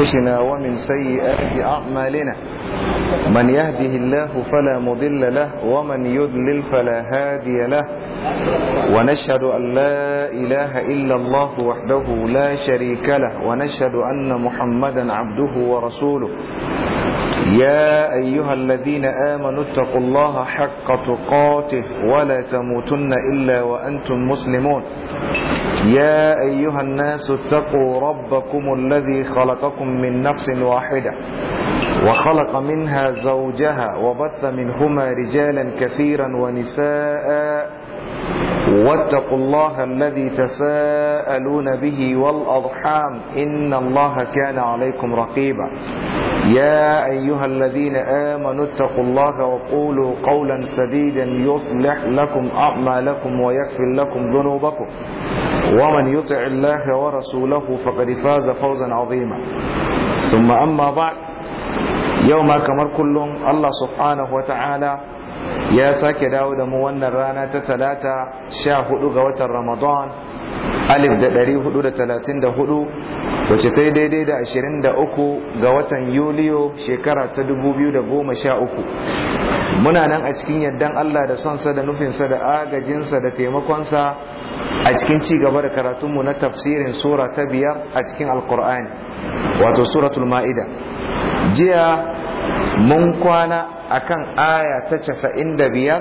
أنفسنا ومن سيئات أعمالنا من يهده الله فلا مضل له ومن يضلل فلا هادي له ونشهد أن لا إله إلا الله وحده لا شريك له ونشهد أن محمدا عبده ورسوله يا أيها الذين آمنوا اتقوا الله حق تقاته ولا تموتن إلا وأنتم مسلمون يا أيها الناس اتقوا ربكم الذي خلقكم من نفس واحدة وخلق منها زوجها وبث منهما رجالا كثيرا ونساء واتقوا الله الذي تساءلون به والأضحام إن الله كان عليكم رقيبا يا أيها الذين آمنوا اتقوا الله وقولوا قولا سديدا يصلح لكم أعمالكم ويكفر لكم ذنوبكم ومن يطع الله ورسوله فقد فاز فوزا عظيما ثم أما بعد يوم كمر كلهم الله سبحانه وتعالى يا ساكي داود موانا رانا تتلاتا شاهد غوة رمضان alif da ɗari hudu da talatin da hudu wacce ta yi daidai da ashirin da uku ga watan yuliyo shekara ta dubu biyu da goma sha uku muna nan a cikin yardan allah da sonsa da nufinsa da agajinsa da taimakonsa a cikin ci gaba da karatunmu na tafsirin sura ta biyar a cikin alkur'ani wato suratul ma'ida jiya mun kwana akan aya ta casa'in da biyar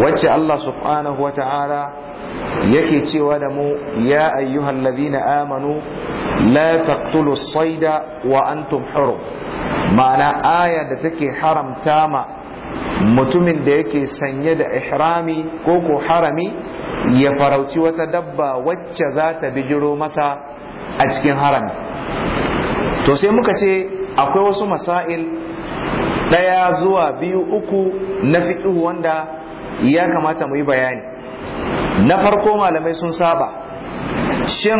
wacce Allah subhanahu wa ta'ala yake cewa da mu ya ayyuhan ladina amanu la taqtulu saida wa antum hurum ma'ana aya da take haramta ma mutumin da yake sanye da ihrami ko ko harami ya farauci wata dabba wacce za ta bijiro masa a cikin haram. to sai muka ce akwai wasu masail ɗaya zuwa biyu uku na fiƙi wanda ya kamata mu yi bayani na farko malamai sun saba shin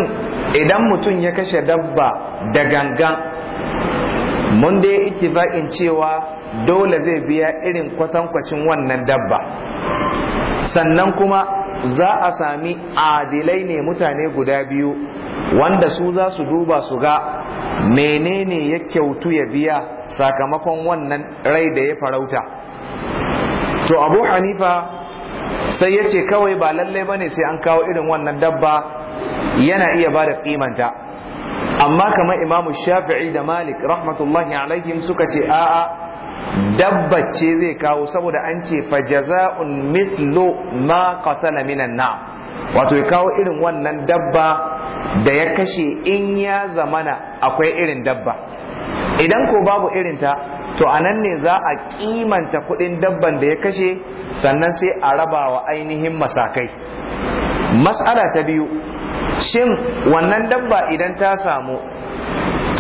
idan mutum ya kashe dabba da gangan mun dai ittifaqin cewa dole zai biya irin kwatankwacin wannan dabba sannan kuma za a sami adilai ne mutane guda biyu wanda su za su duba su ga menene ya kyautu ya biya sakamakon wannan rai da ya farauta to abu hanifa sai ya ce kawai ba lallai bane sai an kawo irin wannan dabba yana iya ba da kimanta amma kamar imamu shafi'i da malik rahmatullahi alaihim suka ce a'a Dabba ce zai kawo saboda an ce fa jaza'un mislu ma qatala minan na wato ya kawo irin wannan dabba da ya kashe in ya zamana akwai irin dabba idan ko babu irin ta to anan ne za a kimanta kudin dabban da ya kashe sannan sai a raba wa ainihin masakai mas'ala ta biyu shin wannan dabba idan ta samu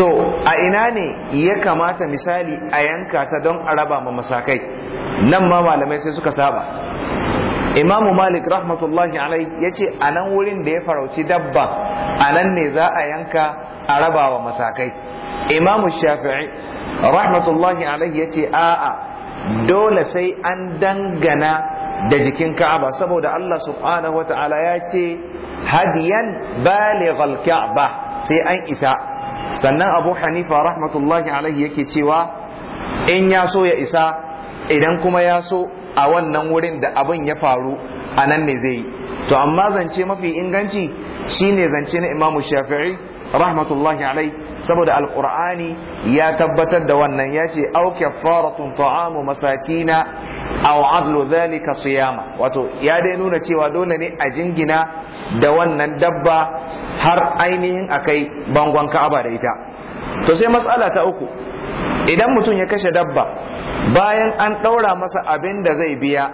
to a ina ne ya kamata misali a yanka ta don a raba ma masakai nan ma malamai sai suka saba imamu malik rahmatullahi alai ya ce a nan wurin da ya farauci dabba a nan ne za a yanka a raba wa masakai imamu shafi'i rahmatullahi alai ya ce a'a dole sai an dangana da jikin Ka'aba saboda Allah subhanahu wa ta'ala ya ce hadiyan balighal Ka'aba sai an isa sannan abu hanifa rahmatullahi alaihi yake cewa in ya so ya isa idan kuma ya so a wannan wurin da abin ya faru a nan ne zai yi to amma zance mafi inganci shine zance na imamu shafi'i rahmatullahi alai saboda alqur'ani ya tabbatar da wannan ya ce au kaffaratun ta'amu masakina aw adlu dhalika siyama wato ya dai nuna cewa dole ne a jingina da wannan dabba har ainihin akai bangon ka'aba da ita to sai matsala ta uku idan mutum ya kashe dabba bayan an ɗaura masa abin da zai biya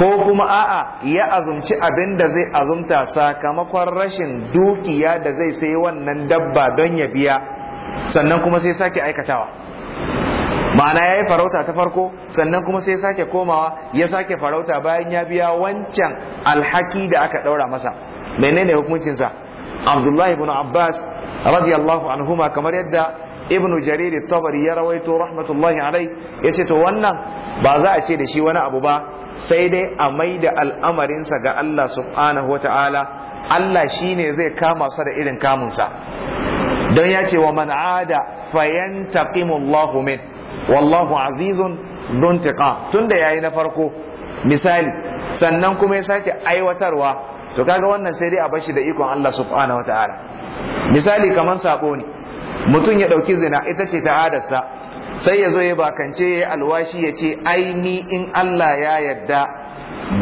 ko kuma a'a ya azumci abin da zai azumta sakamakon rashin dukiya da zai sai wannan dabba don ya biya sannan kuma sai sake aikatawa ma'ana ya yi farauta ta farko sannan kuma sai sake komawa ya sake farauta bayan ya biya wancan alhaki da aka ɗaura masa menene hukuncinsa abdullahi ibn abbas radiyallahu anhuma kamar yadda ibn jarir tabari ya rawaito rahmatullahi alai ya ce to wannan ba za a ce da shi wani abu ba sai dai a mai da al'amarinsa ga Allah subhanahu wa ta'ala Allah shine zai kama sa da irin kamunsa don ya ce wa man ada fayantaqimullahu min wallahu azizun duntiqa tunda yayi na farko misali sannan kuma ya sake aiwatarwa to kaga wannan sai dai a bashi da ikon Allah subhanahu wataala misali kaman sako ne mutum ya dauki zina ita ce ta adarsa sai ya zo ya bakance ya alwashi ya ce ai ni in Allah ya yadda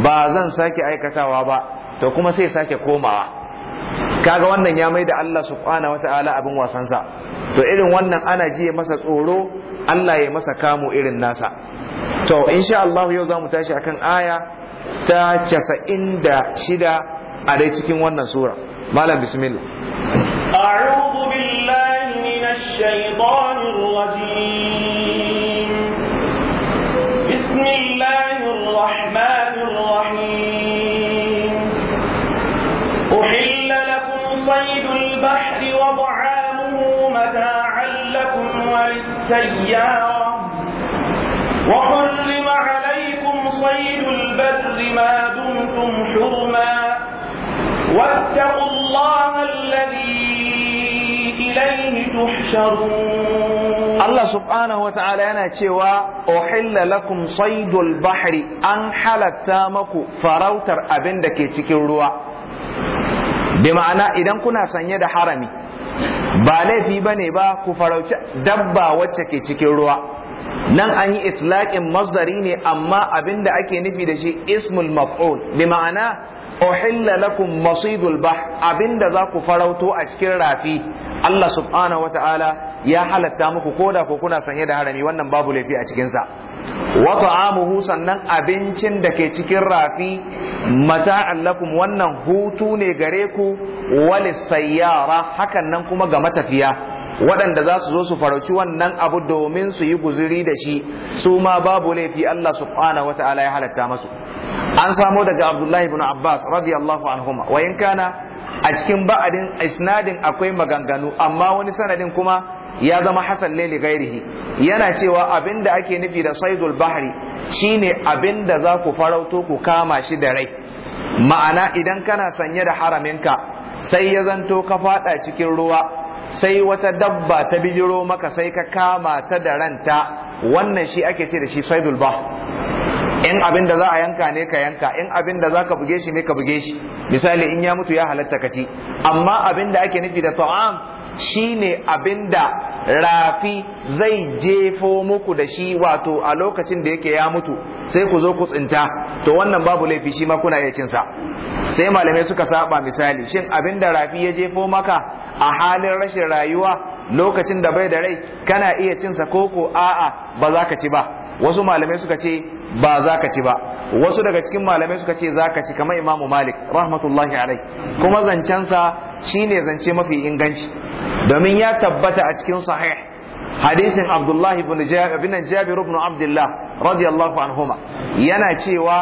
ba zan sake aikatawa ba to kuma sai sake komawa kaga wannan ya mai da Allah subhanahu wataala abin sa. to irin wannan ana jiye masa tsoro Allah ya masa kamo irin nasa to insha Allah yau za mu tashi akan aya ta casa'in da shida a dai cikin wannan sura malam bismillah a'udhu billahi minash shaitanir rajim bismillahir rahmanir rahim uhilla lakum saydul bahri wa ta'amuhu mata'an lakum wa lis-sayyarah وحرم عليكم صيد البر ما دمتم حرما واتقوا الله الذي إليه تحشرون الله سبحانه وتعالى أنا تشوى أحل لكم صيد البحر أن حلت تامكو فروتر أبندك تكروا بمعنى إذا كنا سنيد حرمي ba laifi ba ne ba ku farauci dabba wacce ke cikin ruwa nan an yi itlaƙin masdari ne amma abin da ake nufi da shi ismul maf'ul bi ma'ana uhilla lakum masidul bah abinda za ku farauto a cikin rafi Allah subhanahu ta'ala ya halatta muku koda ko kuna sanye da harami wannan babu laifi a cikin sa wa ta'amuhu sannan abincin da ke cikin rafi mata'an lakum wannan hutu ne gare ku walis sayyara hakan nan kuma ga matafiya waɗanda za su zo su farauci wannan abu domin su yi guziri da shi su ma babu laifi Allah subhanahu wata'ala ya halatta masu an samo daga Abdullahi ibn Abbas radiyallahu anhuma wa in kana a cikin ba'adin isnadin akwai maganganu amma wani sanadin kuma ya zama hasan ne li gairihi yana cewa abinda ake nufi da saidul bahri shine abinda za ku farauto ku kama shi da rai ma'ana idan kana sanye da haraminka sai ya zanto ka fada cikin ruwa sai wata dabba ta bijiro maka sai ka kama ta da ranta wannan shi ake ce da shi saidul ba in abin da za a yanka ne ka yanka in abin da za ka buge shi ne ka buge shi misali in ya mutu ya halatta ka ci amma abin da ake nufi da ta'am shine abin da rafi zai jefo muku da shi wato a lokacin da yake ya mutu sai ku zo ku tsinta to wannan babu laifi shi ma kuna iya cinsa sai malamai suka saba misali shin abin da rafi ya jefo maka a halin rashin rayuwa lokacin da bai da rai kana iya cinsa koko a'a ba za ka ci ba wasu malamai suka ce ba za ka ci ba wasu daga cikin malamai suka ce za ka ci kamar imamu malik rahmatullahi alai kuma zancensa shine zance mafi inganci domin ya tabbata a cikin sahih hadisin abdullahi bin jabir ibn abdullah radiyallahu anhuma yana cewa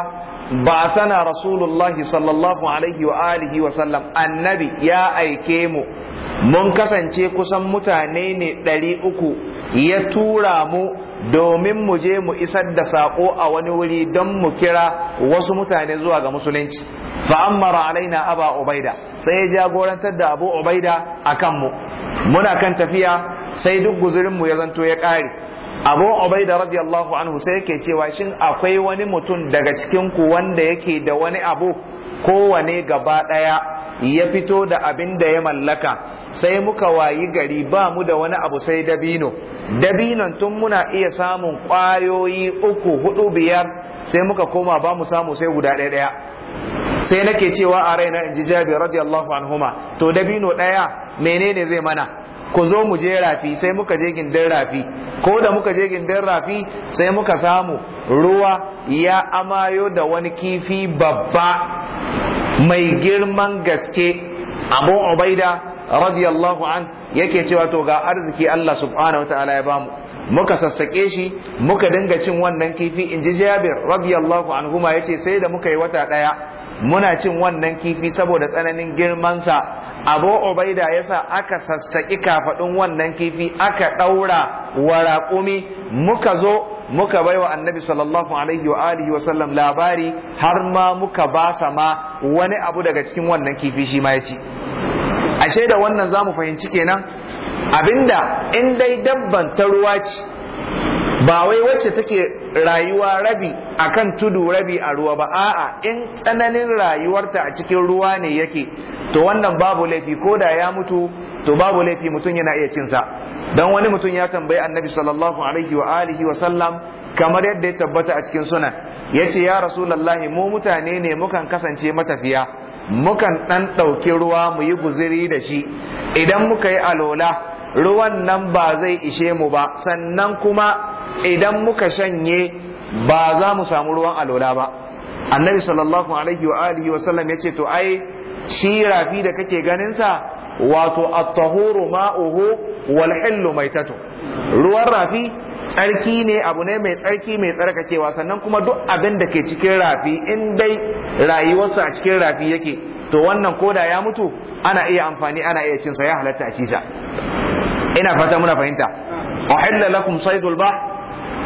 ba sana rasulullahi sallallahu alaihi wa alihi wa sallam annabi ya aike mu mun kasance kusan mutane ne ɗari uku ya tura mu domin mu je mu isar da saƙo a wani wuri don mu kira wasu mutane zuwa ga musulunci fa'ammara alaina aba ubaida sai ya jagorantar da abu ubaida a kanmu muna kan tafiya sai duk mu ya zanto ya ƙare abu ubaida radiyallahu anhu sai yake cewa shin akwai wani mutum daga cikin ku wanda yake da wani abu kowane gaba ɗaya ya fito da abin da ya mallaka sai muka wayi gari ba mu da wani abu sai dabino dabinon tun muna iya samun ƙwayoyi uku hudu biyar sai muka koma ba mu samu sai guda ɗaya ɗaya sai nake cewa a raina in ji jabi radiyallahu anhuma to dabino ɗaya menene zai mana ku zo mu je rafi sai muka je gindin rafi ko da muka je gindin rafi sai muka samu ruwa ya amayo da wani kifi babba mai girman gaske abu ubaida radiyallahu an yake cewa to ga arziki Allah subhanahu wa ta'ala ya bamu muka sassaƙe shi muka dinga cin wannan kifi inji ji jabir radiyallahu ma yace sai da muka yi wata ɗaya muna cin wannan kifi saboda tsananin girmansa abu ubaida yasa aka sassaƙi kafaɗin wannan kifi aka ɗaura wa raƙumi muka zo muka baiwa annabi sallallahu alaihi wa alihi wa sallam labari har ma muka ba sa ma wani abu daga cikin wannan kifi shi ma ya ci ashe da wannan zamu fahimci kenan abinda in dai dabban ta ruwa ce ba wai wacce take rayuwa rabi a kan tudu rabi a ruwa ba a'a in tsananin rayuwarta a cikin ruwa ne yake to wannan babu laifi ko da ya mutu to babu laifi mutum yana iya cinsa Don wani mutum ya tambayi annabi sallallahu alaihi wa alihi wa sallam kamar yadda ya tabbata a cikin sunan ce ya rasulullahi mu mutane ne mukan kasance matafiya mukan dan ɗauki ruwa mu yi guziri da shi idan muka yi alola ruwan nan ba zai ishe mu ba sannan kuma idan muka shanye ba za mu samu ruwan alola ba annabi sallallahu alaihi wa alihi wa sallam yace to ai shi rafi da kake ganin sa wato at-tahuru ma'uhu wal hillu maitatu ruwan rafi tsarki ne abu ne mai tsarki mai tsarkakewa sannan kuma duk abin da ke cikin rafi in dai rayuwarsa a cikin rafi yake to wannan koda ya mutu ana iya amfani ana iya cinsa ya halatta a ci ina fata muna fahimta uhilla lakum saydul bahr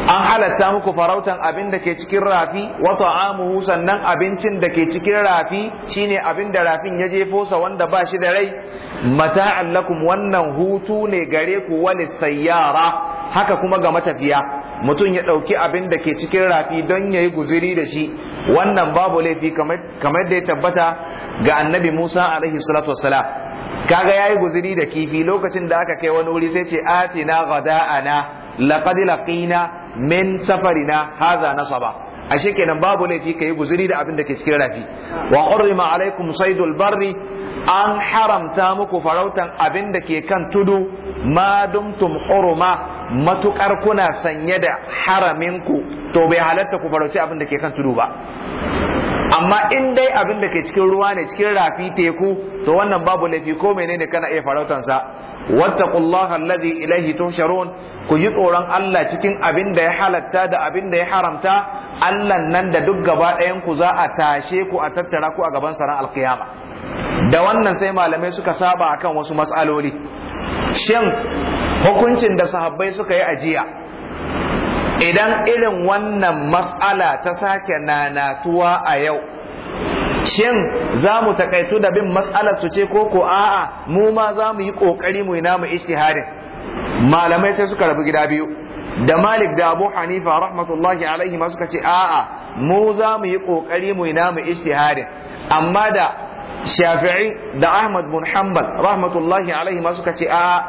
an halatta muku farautan abin da ke cikin rafi wa ta'amuhu sannan abincin da ke cikin rafi shine abin da rafin ya jefo sa wanda ba shi da rai mata'an lakum wannan hutu ne gare ku wani sayyara haka kuma ga matafiya mutum ya ɗauki abin da ke cikin rafi don ya yi guziri da shi wannan babu laifi kamar da ya tabbata ga annabi musa alaihi salatu wassalam kaga ya yi guziri da kifi lokacin da aka kai wani wuri sai ce atina gada'ana laqad laqina min safarina hadha nasaba ashe kenan babu laifi kai guzuri da abin da ke cikin rafi wa hurrima alaikum saydul barri an haramta muku farautan abin da ke kan tudu ma dumtum huruma matukar kuna sanye da ku to bai halatta ku farauci abin da ke kan tudu ba amma in dai abin da ke cikin ruwa ne cikin rafi teku to wannan babu laifi ko menene kana iya farautansa wattaqullaha alladhi ilayhi tuhsharun ku yi tsoron Allah cikin abin da ya halatta da abin da ya haramta Allah nan da duk gaba ɗayan ku za a tashe ku a tattara ku a gaban saran alkiyama da wannan sai malamai suka saba akan wasu matsaloli shin hukuncin da sahabbai suka yi ajiya idan irin wannan mas'ala ta sake nanatuwa a yau shin za mu takaitu da bin matsalar su ce ko ko a'a mu ma za mu yi kokari mu yi namu ishtiharin malamai sai suka rabu gida biyu da malik da abu hanifa rahmatullahi alaihi ma suka ce a'a mu za mu yi kokari mu yi namu ishtiharin amma da shafi'i da ahmad bin hanbal rahmatullahi alaihi ma suka ce a'a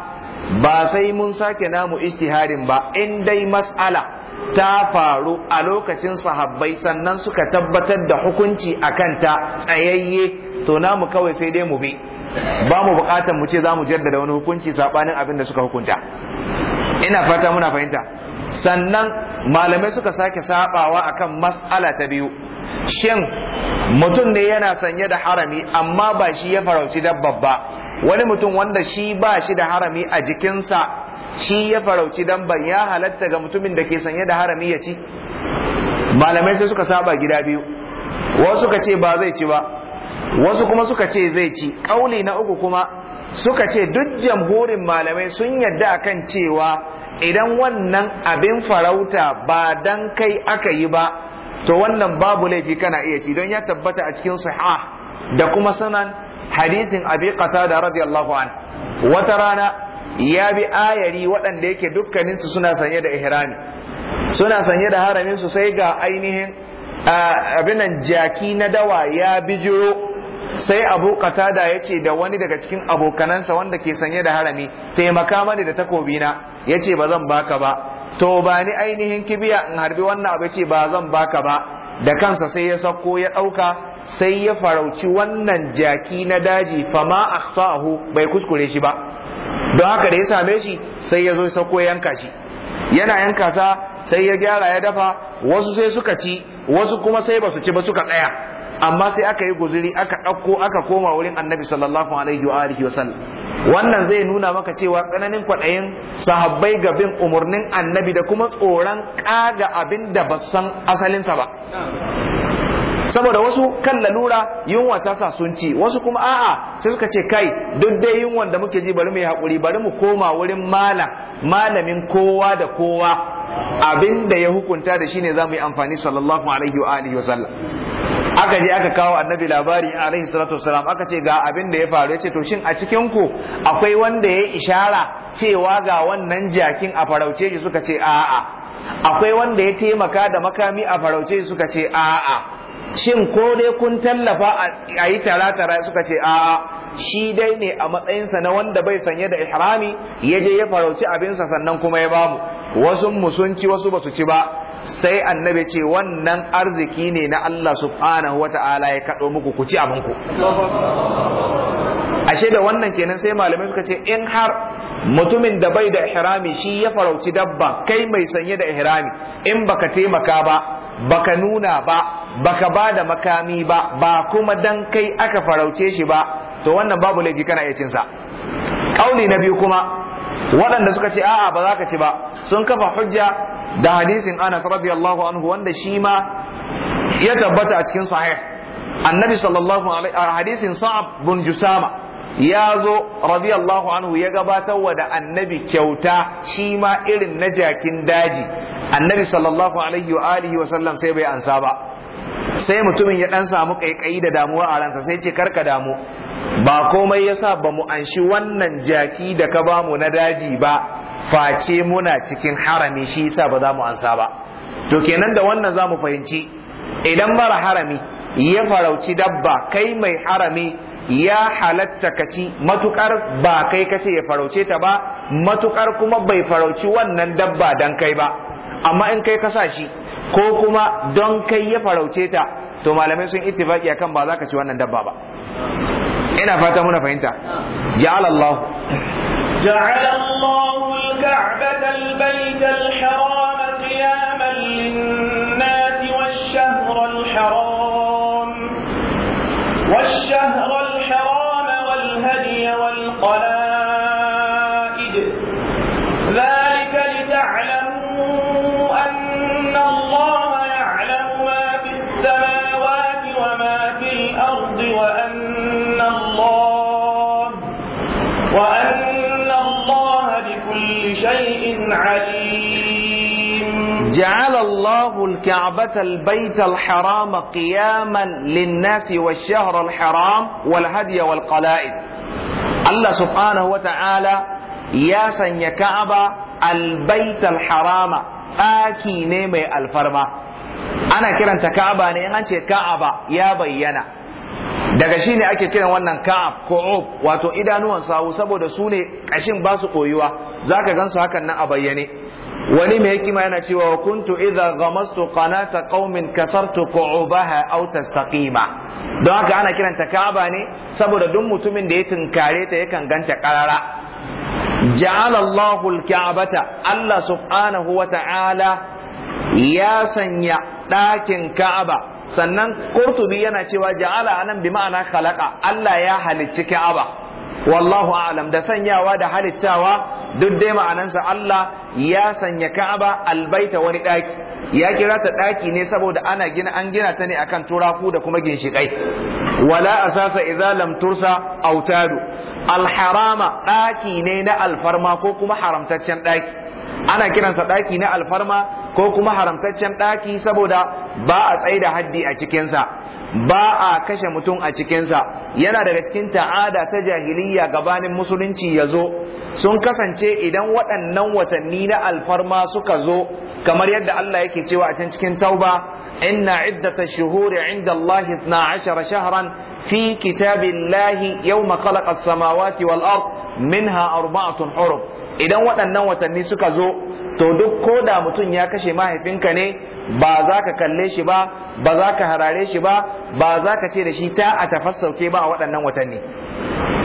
ba sai mun sake namu ishtiharin ba in dai mas'ala ta faru a lokacin sahabbai sannan suka tabbatar da hukunci a kanta tsayayye to mu kawai sai dai mu bi ba mu bukatan mu ce za mu jaddada wani hukunci sabanin abin da suka hukunta ina fata muna fahimta sannan malamai suka sake sabawa akan mas'ala ta biyu shin mutum ne yana sanye da harami amma ba shi ya farauci dabba ba wani mutum wanda shi ba shi da harami a jikinsa shi ya farauci dan ban ya halatta ga mutumin da ke sanye da harami ya ci malamai sai suka saba gida biyu wasu suka ce ba zai ci ba wasu kuma suka ce zai ci kauli na uku kuma suka ce duk jamhurin malamai sun yadda akan cewa idan wannan abin farauta ba dan kai aka yi ba to wannan babu laifi kana iya ci don ya tabbata a cikin sahih da kuma sanan hadisin abi qatada radiyallahu an wata rana ya bi ayari waɗanda yake dukkaninsu suna sanye da ihrami suna sanye da haraminsu sai ga ainihin abinan jaki na dawa ya bijiro sai abu qatada ya ce da wani daga cikin abokanansa wanda ke sanye da harami taimaka mani da takobina ya ce ba zan baka ba to ba ni ainihin kibiya in harbi wannan abu ce ba zan baka ba da kansa sai ya sauko ya ɗauka sai ya farauci wannan jaki na daji fama a bai kuskure shi ba don haka da ya same shi sai ya zo ya sauko yanka shi yana yanka sa sai ya gyara ya dafa wasu sai suka ci wasu kuma sai ba su ci ba suka tsaya amma sai aka yi guzuri aka ɗauko aka koma wurin annabi sallallahu alaihi wa alihi wa sallam wannan zai nuna maka cewa tsananin kwaɗayin sahabbai ga bin umarnin annabi da kuma tsoron ƙaga abinda da ba san asalinsa ba saboda wasu kan lalura yunwa ta sa sun ci wasu kuma a'a sai suka ce kai duk dai yunwan da muke ji bari mu yi hakuri bari mu koma wurin malam malamin kowa da kowa abin da ya hukunta da shine zamu yi amfani sallallahu alaihi wa alihi wa sallam aka je aka kawo annabi labari alaihi salatu wasalam aka ce ga abin da ya faru yace to shin a cikin ku akwai wanda ya ishara cewa ga wannan jakin a farauce shi suka ce a'a akwai wanda ya taimaka da makami a farauce shi suka ce a'a shin ko dai kun tallafa a yi tara-tara suka ce a shi dai ne a matsayinsa na wanda bai sanye da ihrami ya je ya farauci abinsa sannan kuma ya bamu wasu mu wasu ba wasu ci ba sai annabi ce wannan arziki ne na Allah subhanahu Ta'ala ya kaɗo muku ku ci abinku ashe da wannan kenan sai malamai suka ce in har mutumin da bai da ihrami shi ya farauci dabba kai mai sanye da ihrami in baka taimaka ba baka nuna ba baka ba da makami ba ba kuma dan kai aka farauce shi ba to wannan babu laifi kana iya cinsa kauli na biyu kuma waɗanda suka ce a'a ba za ka ci ba sun kafa hujja da hadisin Anas radiyallahu anhu wanda shi ma ya tabbata a cikin sahih annabi sallallahu alaihi hadisin Sa'ab bin Jusama ya zo radiyallahu anhu ya gabatar wa da annabi kyauta shi ma irin na jakin daji annabi sallallahu alaihi wa alihi wa sallam sai bai ansa ba sai mutumin ya dan samu kaikayi da damuwa a ransa sai ce karka damu ba komai yasa ba mu anshi wannan jaki da ka bamu na daji ba face muna cikin harami shi yasa ba za mu ansa ba to kenan da wannan za mu fahimci idan mara harami ya farauci dabba kai mai harami ya halatta ka ci matukar ba kai kace ya farauce ta ba matukar kuma bai farauci wannan dabba dan kai ba amma in kai ka sa shi ko kuma don kai ya farauce ta to malamai sun ittifaki akan ba za ka ci wannan dabba ba ina fata muna fahimta ja'ala Allah ja'ala Allah al-ka'bata al al-haram qiyaman lin-nasi wash al-haram wash عليم جعل الله الكعبة البيت الحرام قياما للناس والشهر الحرام والهدي والقلائد الله سبحانه وتعالى يا سن كعبة البيت الحرام آكي نيمي الفرما أنا كرنت كعبة أنت كعبة يا بينا daga shi ne ake kiran wannan ka'ab ko ob wato idanuwan sawu saboda su ne ƙashin ba su koyuwa zaka gansu hakan nan a bayyane wani mai hikima yana cewa kuntu idza ghamastu qanata qaumin kasartu qu'ubaha aw tastaqima don haka ana kiranta Ka'aba ne saboda duk mutumin da ya tinkare ta yakan ganta karara ja'ala Allahu al-Ka'bata Allah subhanahu wa ta'ala ya sanya ɗakin Ka'aba sannan Qurtubi yana cewa ja'ala anan bi ma'ana khalaqa Allah ya halicci Ka'aba wallahu a'lam da sanyawa da halittawa duk dai ma'anansa Allah ya sanya Ka'aba albaita wani daki ya kira ta daki ne saboda ana gina an gina ta ne akan turaku da kuma ginshikai wala asasa idza lam tursa autadu alharama daki ne na alfarma ko kuma haramtaccen daki ana kiransa daki na alfarma ko kuma haramtaccen daki saboda ba a tsaida haddi a cikinsa ba a kashe mutum a cikinsa yana daga cikin ta'ada ta jahiliya gabanin musulunci ya zo sun kasance idan waɗannan watanni na alfarma suka zo kamar yadda Allah yake cewa a can cikin tauba inna iddata shuhuri inda Allah na ashara shaharan fi kitabin lahi yau makalakar samawati wal'ar minha arba'atun hurub idan waɗannan watanni suka zo to duk ko da mutum ya kashe mahaifinka ne ba za ka kalle shi ba ba za ka harare shi ba ba za ka ce da shi ta a tafassauke ba a waɗannan watanni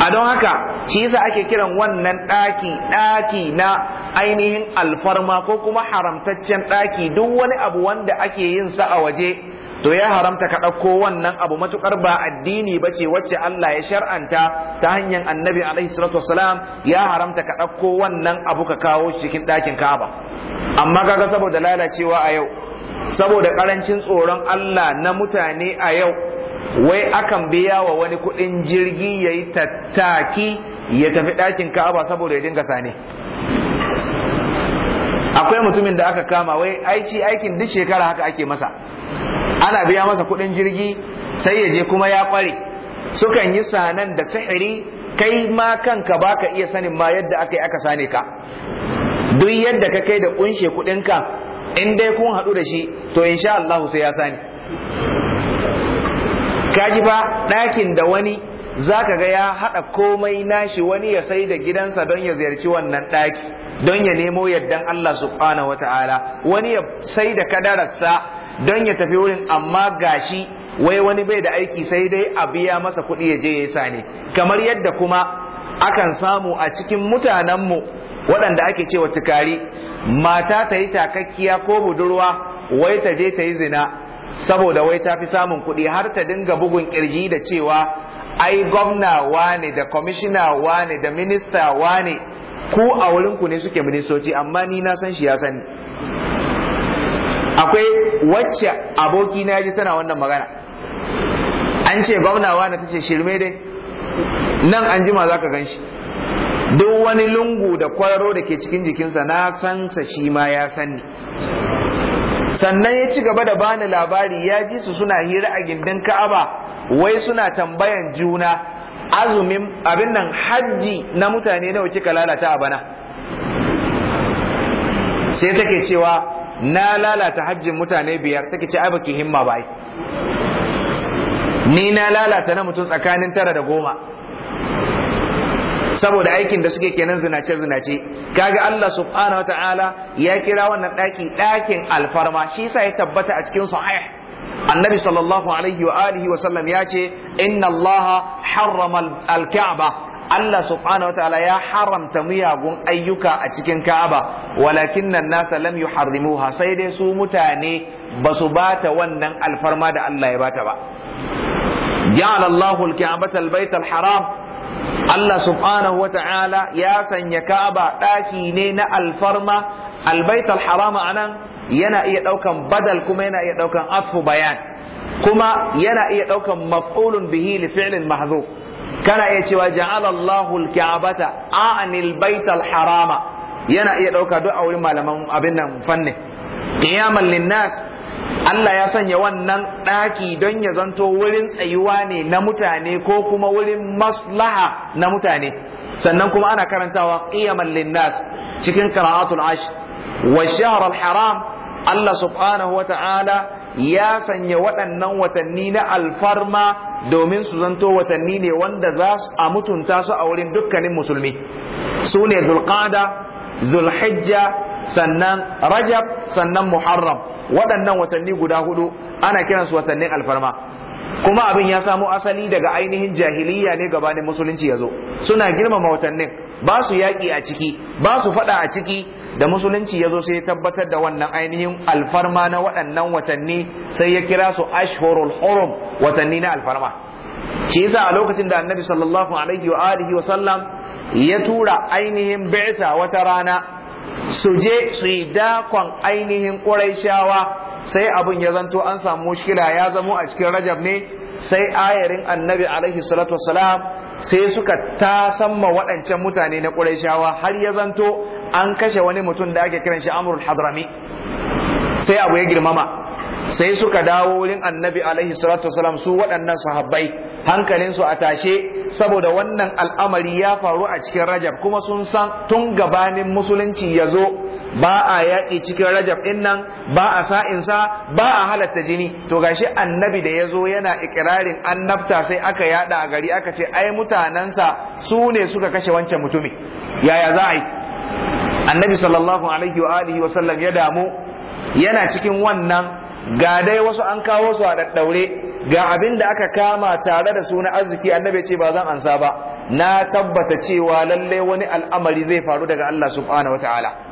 a don haka shi yasa ake kiran wannan ɗaki ɗaki na ainihin alfarma ko kuma haramtaccen ɗaki duk wani abu wanda ake yin sa a waje to ya haramta ka ɗauko wannan abu matuƙar ba addini ba ce wacce Allah ya shar'anta ta hanyar annabi alaihi salatu wasalam ya haramta ka ɗauko wannan abu ka kawo shi cikin ɗakin Ka'aba amma kaga saboda lalacewa a yau saboda ƙarancin tsoron Allah na mutane a yau wai akan biya wa wani kuɗin jirgi ya yi tattaki ya tafi ɗakin Ka'aba saboda ya dinga sane akwai mutumin da aka kama wai aiki aikin duk shekara haka ake masa ana biya masa kuɗin jirgi sai yaje kuma ya ƙware sukan yi sanan da sihiri kai ma kanka ka iya sanin ma yadda aka yi aka sane ka duk yadda ka kai da kunshe kuɗinka in dai kun haɗu da shi to insha Allah sai ya sani kaji ba ɗakin da wani zaka ga ya haɗa komai nashi wani ya sai da gidansa don ya ziyarci wannan ɗaki don ya nemo yardan Allah subhanahu wata'ala wani ya sai da kadararsa don ya tafi wurin amma gashi wai wani bai da aiki sai dai a biya masa kuɗi ya je ya sani, kamar yadda kuma akan samu a cikin mutanenmu waɗanda ake cewa tukari mata ta yi takakkiya ko budurwa wai ta je ta yi zina saboda wai ta fi samun kuɗi har ta dinga bugun kirji da cewa ai gwamna wane da kwamishina wane da minista wane ku a wurinku ne suke ministoci amma ni na san shi ya sani akwai wacce aboki na ji tana wannan magana an ce gwamna wani ta ce shirme dai nan an jima za ka gan shi duk wani lungu da kwararo da ke cikin jikinsa na san sa shi ma ya san sannan ya ci gaba da bani labari ya ji su suna hira a gindin ka'aba wai suna tambayan juna azumin abin nan hajji na mutane nawa kika lalata a bana sai take cewa na lalata hajjin mutane biyar take ce ai baki himma ba ni na lalata na mutum tsakanin tara da goma saboda aikin da suke kenan zinace zinace kaga Allah subhanahu wataala ya kira wannan daki dakin alfarma shi yasa ya tabbata a cikin sahih annabi sallallahu alaihi wa alihi wa sallam ya ce inna allaha harrama al-ka'ba Allah subhanahu wataala ya haramta miyagun ayyuka a cikin Ka'aba walakin nan nasa lam yuharrimuha sai dai su mutane ba su bata wannan alfarma da Allah ya bata ba ja'ala Allahu kabata haram Allah subhanahu wataala ya sanya Ka'aba daki ne na alfarma al-Bayt haram anan yana iya daukan badal kuma yana iya daukan atfu bayan kuma yana iya daukan maf'ulun bihi li fi'lin mahdhuf kana iya cewa ja'ala Allahu kabata a'anil baital harama yana iya dauka duk a wurin malaman abin nan fanni qiyaman linnas Allah ya sanya wannan ɗaki don ya zanto wurin tsayuwa ne na mutane ko kuma wurin maslaha na mutane sannan kuma ana karantawa qiyaman linnas cikin qira'atul ash wa shahr al-haram Allah subhanahu wa ta'ala ya sanya waɗannan watanni na alfarma domin su zanto watanni ne wanda za su a mutunta su a wurin dukkanin musulmi su ne zulqada zulhijja sannan rajab sannan muharram waɗannan watanni guda hudu ana kiransu watannin alfarma kuma abin ya samo asali daga ainihin jahiliya ne gabanin musulunci ya zo suna girmama watannin ba su yaƙi a ciki ba su faɗa a ciki da musulunci ya zo sai ya tabbatar da wannan ainihin alfarma na waɗannan watanni sai ya kira su ashhurul hurum watanni na alfarma shi yasa a lokacin da annabi sallallahu alaihi wa alihi wa sallam ya tura ainihin bi'ta wata rana su je su yi dakon ainihin ƙuraishawa sai abin ya zanto an samu mushkila ya zamo a cikin rajab ne sai ayarin annabi alaihi salatu sai suka samma waɗancan mutane na ƙuraishawa har ya zanto an kashe wani mutum da ake kiran shi amrul hadrami sai abu ya girmama sai suka dawo wurin annabi alaihi salatu wasalam su waɗannan sahabbai hankalinsu a tashe saboda wannan al'amari ya faru a cikin rajab kuma sun san tun gabanin musulunci ya zo ba a yaƙi cikin rajab ɗin nan ba a sa'insa ba a halatta jini to gashi annabi da ya zo yana ikirarin annabta sai aka yaɗa a gari aka ce ai mutanensa su ne suka kashe wancan mutumin. yaya za a yi annabi sallallahu alaihi wa alihi wa sallam ya damu yana cikin wannan ga dai wasu an kawo su a daddaure ga abin da aka kama tare da su arziki annabi ce ba zan ansa ba na tabbata cewa lallai wani al'amari zai faru daga Allah subhanahu wataala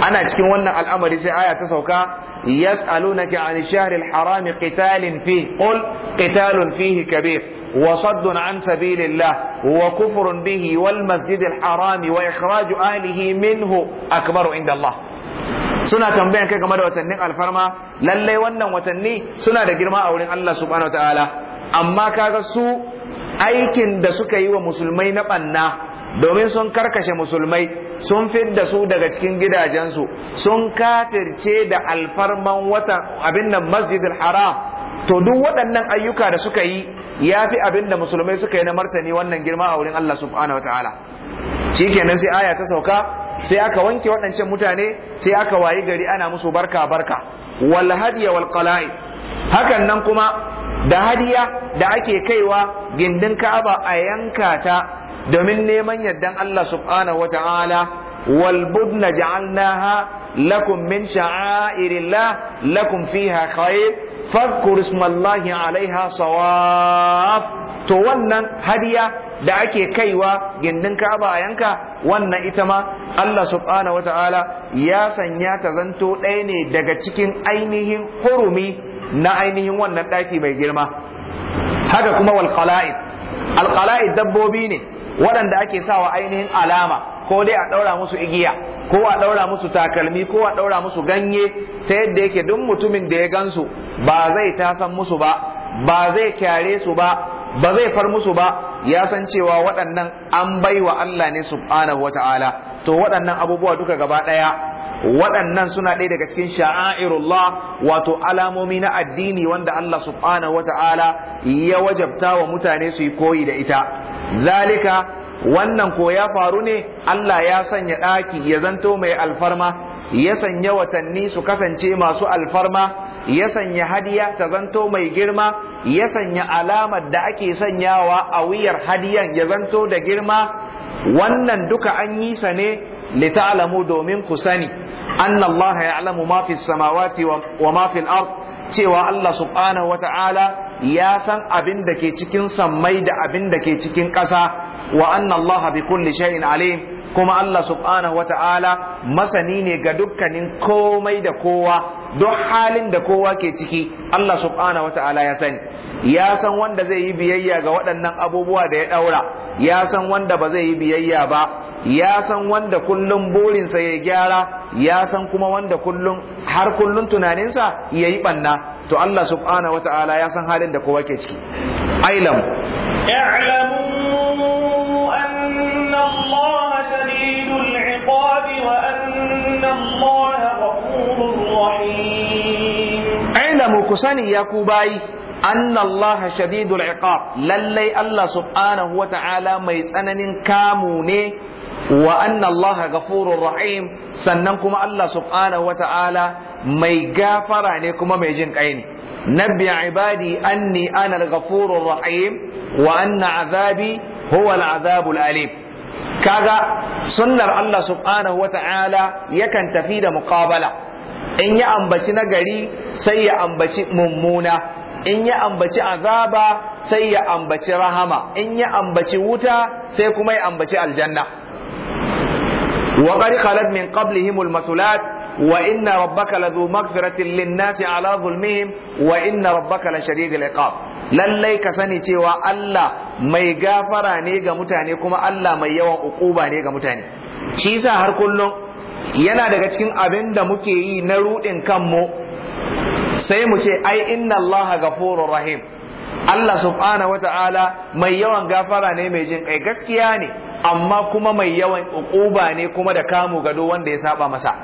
ana cikin wannan al'amari sai aya ta sauka yas'alunaka 'ani shahril haram qitalin fi qul qitalun fihi kabir wa saddun 'an sabilillah wa kufrun bihi wal masjidil haram wa ikhraju ahlihi minhu akbaru inda Allah suna tambayan kai game da watannin alfarma lallai wannan watanni suna da girma a wurin Allah subhanahu wataala amma kaga su aikin da suka yi wa musulmai na banna domin sun karkashe musulmai sun fidda su daga cikin gidajensu sun kafirce da alfarman watan abin nan masjidil haram to duk waɗannan ayyuka da suka yi ya fi abin da musulmai suka yi na martani wannan girma a wurin Allah subhanahu wa ta'ala kenan sai aya ta sauka sai aka wanke waɗancan mutane sai aka wayi gari ana musu barka barka wal hadiya wal qala'i hakan nan kuma da hadiya da ake kaiwa gindin Ka'aba a yanka ta domin neman yardan Allah subhanahu wata'ala wal ja'alnaha lakum min sha'airillah lakum fiha khair fadhkur ismallahi 'alaiha sawaf to wannan hadiya da ake kaiwa gindin Ka'aba a yanka wannan ita ma Allah subhanahu wata'ala ya sanya ta zanto ɗaya ne daga cikin ainihin hurumi na ainihin wannan ɗaki mai girma haka kuma wal qala'id al dabbobi ne waɗanda ake sawa ainihin alama ko dai a ɗaura musu igiya ko a ɗaura musu takalmi ko a ɗaura musu ganye ta yadda yake duk mutumin da ya gansu ba zai ta san musu ba ba zai kyare su ba ba zai far musu ba ya san cewa waɗannan an baiwa Allah ne subhanahu wata'ala to waɗannan abubuwa duka gaba ɗaya waɗannan suna ɗaya daga cikin sha'airullah wato alamomi na addini wanda Allah subhanahu wata'ala ya wajabta wa mutane su yi koyi da ita zalika wannan ko ya faru ne Allah ya sanya ɗaki ya zanto mai alfarma ya sanya watanni su kasance masu alfarma ya sanya hadiya ta zanto mai girma ya sanya alamar da ake sanyawa a wuyar hadiyan ya zanto da girma wannan duka an yi sa ne li domin ku sani anna Allah ya'lamu ma fi wa ma fi cewa Allah subhanahu wata'ala ya san abin da ke cikin sammai da abin da ke cikin ƙasa wa anna Allah bi kulli shay'in alim kuma Allah subhanahu wa ta'ala masani ne ga dukkanin komai da kowa don halin da kowa ke ciki Allah subhanahu wa ta'ala ya sani ya san wanda zai yi biyayya ga waɗannan abubuwa da ya ɗaura ya san wanda ba zai yi biyayya ba ya san wanda kullum burinsa ya gyara ya san kuma wanda kullum har kullum tunaninsa ya yi banna to Allah subhanahu wa ta'ala ya san halin da kowa ke ciki ailam i'lamu anna Allah shadidul iqabi wa anna Allah ghafurur rahim ailamu kusani ya ku bayi أن الله شديد العقاب للي الله سبحانه وتعالى ما يتسنن كاموني wa anna allaha ghafurur rahim sannan kuma Allah subhanahu mai gafara ne kuma mai jin kai ne nabbi ibadi anni ana al-ghafurur rahim wa anna azabi huwa al-azabul alim kaga sunnar Allah subhanahu yakan tafi da muqabala in ya ambaci nagari sai ya ambaci mummuna in ya ambaci azaba sai ya ambaci rahama in ya ambaci wuta sai kuma ya ambaci aljanna wa qad khalat min qablihim al-masulat wa inna rabbaka ladhu maghfiratin lin-nasi ala zulmihim wa inna rabbaka lashadidul iqab lallai ka sani cewa Allah mai gafara ne ga mutane kuma Allah mai yawan uquba ne ga mutane shi yasa har kullum yana daga cikin abin da muke yi na rudin kanmu sai mu ce ai inna Allah ghafurur rahim Allah subhanahu wata'ala mai yawan gafara ne mai jin kai gaskiya ne amma kuma mai yawan uquba ne kuma da kamu gado wanda ya saba masa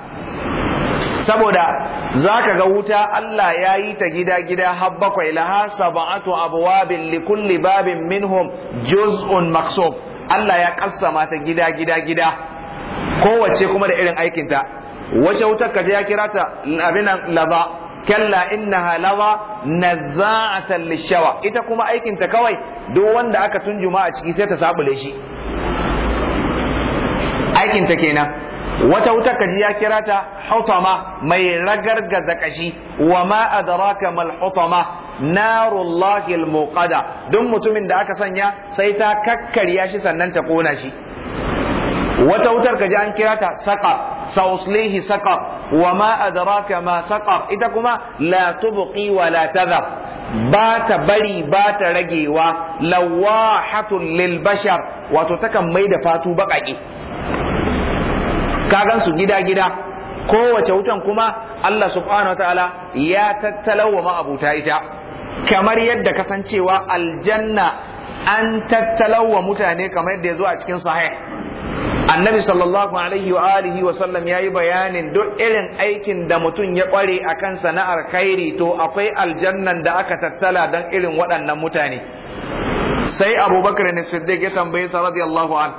saboda zaka ga wuta Allah ya yi ta gida gida har bakwai laha sab'atu abwabin li kulli babin minhum juz'un maqsub Allah ya kassama ta gida gida gida kowace kuma da irin aikinta wace wutar ka ya kira ta abinan laba kalla innaha laba nazza'atan lishawa ita kuma aikinta kawai duk wanda aka tunjuma a ciki sai ta sabule shi aikin ta kenan wata wuta kaji ya kira ta hutama mai ragargaza kashi wa ma adraka mal hutama narullahi almuqada duk mutumin da aka sanya sai ta kakkarya shi sannan ta kona shi wata wutar kaji an kira ta saqa sauslihi saqa wa ma adraka ma saqa ita kuma la tubqi wa la ba ta bari ba ta ragewa lawahatun lil bashar wato takan mai da fatu baƙaƙe gan su gida gida kowace wutan kuma Allah subhanahu ta'ala ya tattalawa ma'abuta ita kamar yadda kasancewa aljanna an tattalawa mutane kamar yadda ya zo a cikin sahih annabi sallallahu alaihi wa alihi wa sallam yayi bayanin duk irin aikin da mutum ya kware akan sana'ar khairi to akwai aljannan da aka tattala dan irin waɗannan mutane sai abubakar ne siddiq ya tambaye sa radiyallahu an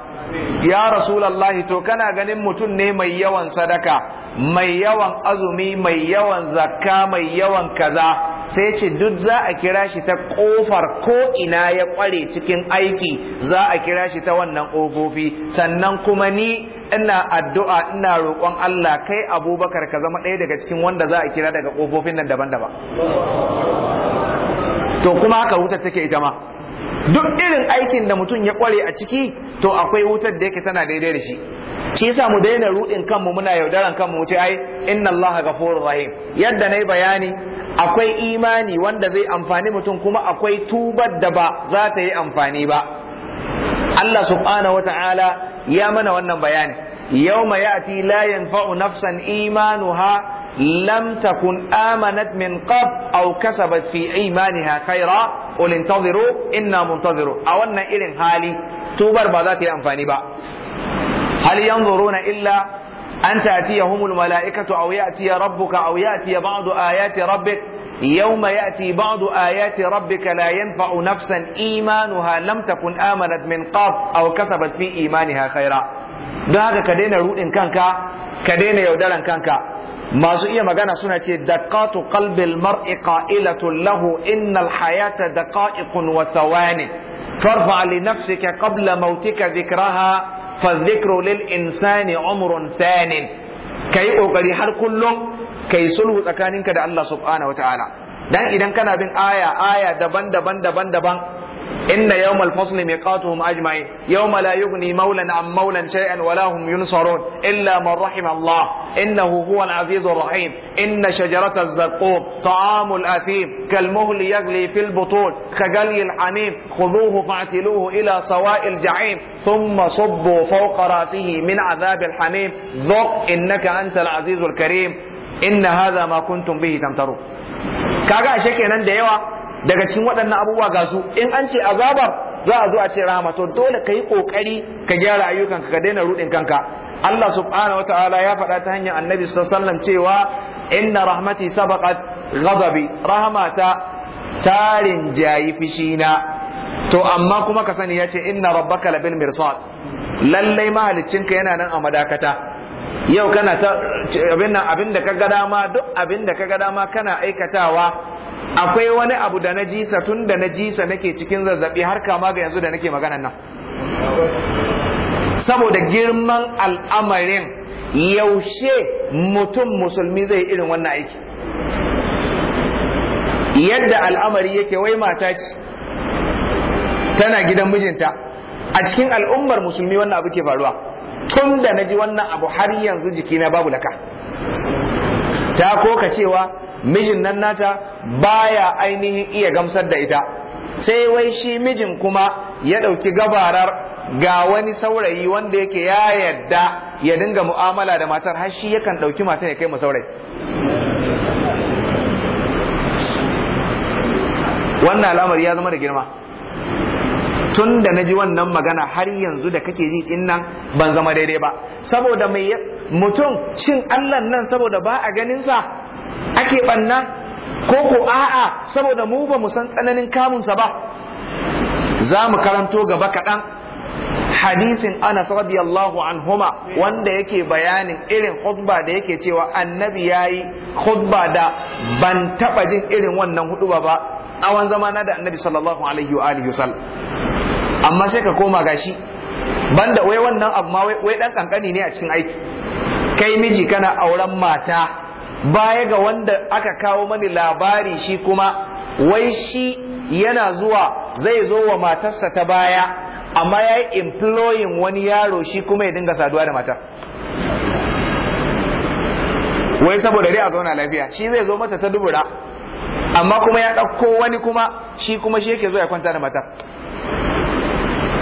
ya rasulallahi to kana ganin mutum ne mai yawan sadaka mai yawan azumi mai yawan zakka mai yawan kaza sai ce duk za a kira shi ta kofar ko'ina ya kware cikin aiki za a kira shi ta wannan kofofi. sannan kuma ni ina addu'a ina roƙon Allah kai abubakar ka zama ɗaya daga cikin wanda za a kira daga kofofin nan daban-daban to kuma haka wutar take ita ma duk irin aikin da mutum ya kware a ciki to akwai wutar da yake tana daidai da shi shi yasa mu daina ruɗin kanmu muna yaudaran kanmu mu ce ai inna allaha ghafurur rahim yadda nayi bayani akwai imani wanda zai amfani mutum kuma akwai tubar da ba za ta yi amfani ba Allah subhanahu wata'ala ya mana wannan bayani yawma ya'ti la yanfa'u nafsan imanuha lam takun amanat min qab aw kasabat fi imaniha khaira qul intaziru inna muntaziru a wannan irin hali tubar ba za ta yi amfani ba hal yanzuruna illa an ta'tiyahumul mala'ikatu aw ya'tiya rabbuka aw ya'tiya ba'du ayati rabbik يوم يأتي بعض آيات ربك لا ينفع نفسا إيمانها لم تكن آمنت من قبل أو كسبت في إيمانها خيرا ده هذا كدين رؤين كانكا كدين يودلن كانكا masu iya magana suna ce daqatu qalbil mar'i qa'ilatun lahu innal hayata daqa'iqun wa thawani farfa li nafsika qabla mautika dhikraha fadhikru lil insani umrun thanin kai kokari har kullum kai sulhu tsakaninka da Allah subhanahu wataala dan idan kana bin aya aya daban-daban daban-daban إن يوم الفصل ميقاتهم أجمعين يوم لا يغني مولا عن مولا شيئا ولا هم ينصرون إلا من رحم الله إنه هو العزيز الرحيم إن شجرة الزقوم طعام الأثيم كالمهل يغلي في البطون كغلي الحميم خذوه فاعتلوه إلى سواء الجحيم ثم صبوا فوق رأسه من عذاب الحميم ذق إنك أنت العزيز الكريم إن هذا ما كنتم به تمترون كاغا شكي نان da daga cikin waɗannan abubuwa ga su in an ce azabar za a zo a ce rahama to dole ka yi ƙoƙari ka gyara ayyukanka ka daina ruɗin kanka Allah subhanahu wataala ya faɗa ta hanyar annabi sallallahu cewa inna rahmati sabaqat ghadabi rahmata tarin jayi fishina to amma kuma ka sani yace inna rabbaka labil mirsad lallai mahaliccinka yana nan a madakata yau kana ta abin da ka ga dama duk abin da ka ga dama kana aikatawa akwai wani abu da na jisa tun da na jisa nake cikin zazzabi har kama ga yanzu da nake maganan nan saboda girman al'amarin yaushe mutum musulmi zai irin wannan aiki yadda al'amari yake wai mata ce tana gidan mijinta a cikin al'ummar musulmi wannan abu ke faruwa tun da na ji wannan abu har yanzu jikina babu laka ta koka cewa mijin nan nata baya ainihin iya gamsar da ita sai wai shi mijin kuma ya ɗauki gabarar ga wani saurayi wanda yake ya yadda ya dinga mu'amala da matar har shi yakan ɗauki matar ya kai mu saurayi wannan al'amari ya zama da girma tun da na ji wannan magana har yanzu da kake ji din nan ban zama daidai ba saboda mai mutum shin allah nan saboda ba a ganinsa ake banna ko ko a'a saboda mu ba mu san tsananin kamunsa ba za mu karanto gaba kaɗan hadisin Anas radiyallahu anhuma wanda yake bayanin irin khutba da yake cewa annabi yayi khutba da ban taba jin irin wannan huduba ba tsawon zamana da annabi sallallahu alaihi wa alihi amma sai ka koma gashi banda wai wannan abu ma wai dan kankani ne a cikin aiki kai miji kana auren mata baya ga wanda aka kawo mani labari shi kuma wai shi yana zuwa zai zo wa matarsa ta baya amma ya yi employing wani yaro shi kuma ya dinga saduwa da mata wai saboda dai a zauna lafiya shi zai zo mata ta dubura amma kuma ya ɗauko wani kuma shi kuma shi yake zo ya kwanta da mata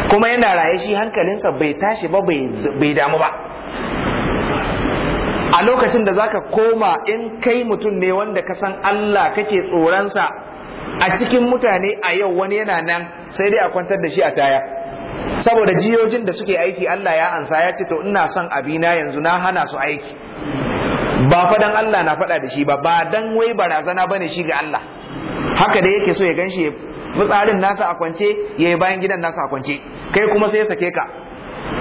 kuma yana raye shi hankalinsa bai tashi ba bai damu ba lokacin da za ka koma in kai mutum ne wanda ka san Allah kake tsoronsa a cikin mutane a yau wani yana nan sai dai a kwantar da shi a taya saboda jiyojin da suke aiki Allah ya ansa ya ce to ina son abina yanzu na hana su aiki ba fadan Allah na faɗa da shi ba ba dan wai barazana bane shi ga Allah haka da yake so ya ganshi fitsarin nasa a kwance ya yi bayan gidan nasa a kwance kai kuma sai ya sake ka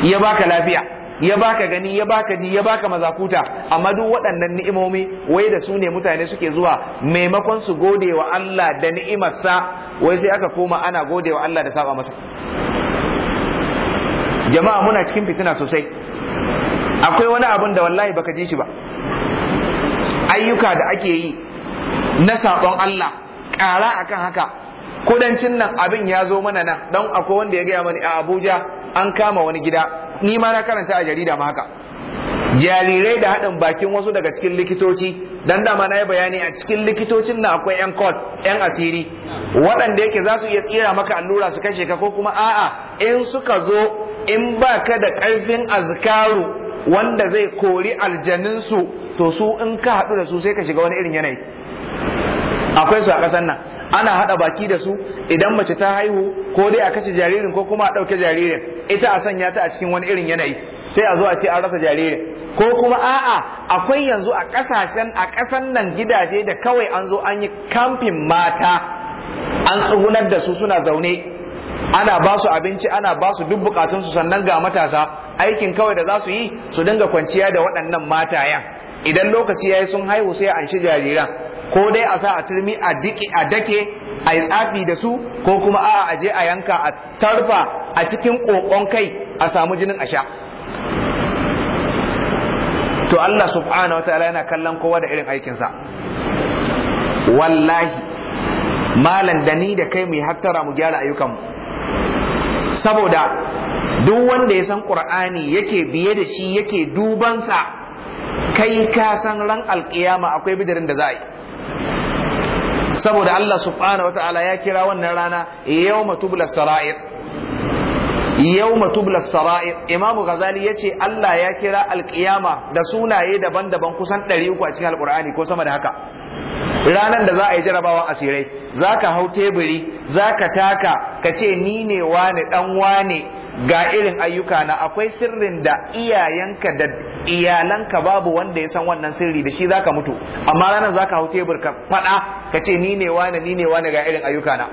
ya baka lafiya ya baka gani ya baka ji ya baka mazakuta amma duk waɗannan ni'imomi wai da su ne mutane suke zuwa maimakon su gode wa Allah da ni'imarsa wai sai aka koma ana gode wa Allah da saba masa jama'a muna cikin fitina sosai akwai wani abin da wallahi baka ji shi ba ayyuka da ake yi na saƙon Allah ƙara akan haka kudancin nan abin ya zo mana nan dan akwai wanda ya gaya mani a Abuja an kama wani gida ni ma na karanta a jarida ma haka jarirai da haɗin bakin wasu daga cikin likitoci dan dama na yi bayani a cikin likitocin na akwai yan court yan asiri waɗanda yake za su iya tsira maka allura su kashe ka ko kuma a'a in suka zo in ba ka da ƙarfin azkaru wanda zai kori aljaninsu to su in ka haɗu da su sai ka shiga wani irin yanayi akwai su a ƙasar nan ana haɗa baki da su idan mace ta haihu ko dai a kashe jaririn ko kuma a ɗauke jaririn ita a sanya ta a cikin wani irin yanayi sai a zo a ce an rasa jaririn ko kuma a'a akwai yanzu a kasashen a kasan nan gidaje da kawai an zo an yi kamfin mata an tsugunar da su suna zaune ana ba su abinci ana ba su duk bukatunsu sannan ga matasa aikin kawai da za su yi su dinga kwanciya da waɗannan matayan idan lokaci ya yi sun haihu sai an anshi jariran ko dai a sa a turmi a dike a dake a tsafi da su ko kuma a aje a yanka a tarfa a cikin kokon kai a samu jinin a sha to Allah subhanahu wa ta'ala yana kallon kowa da irin aikinsa wallahi malam da ni da kai mu hattara mu gyara ayyukan mu saboda duk wanda ya san qur'ani yake biye da shi yake dubansa kai ka san ran alƙiyama akwai bidirin da za a yi saboda Allah subhanahu wataala ya kira wannan rana yawma tubla sarair yawma tubla sarair Imam Ghazali yace Allah ya kira alqiyama da sunaye daban-daban kusan 300 a cikin alqur'ani ko sama da haka ranan da za a yi jarabawa asirai zaka hau teburi zaka taka ka ce ni ne wane dan wane ga irin ayyuka na akwai sirrin da iyayenka da iyalanka babu wanda ya san wannan sirri da shi zaka mutu amma ranar zaka hau tebur ka faɗa ka ce ni ne wane ni ne wane ga irin ayyuka na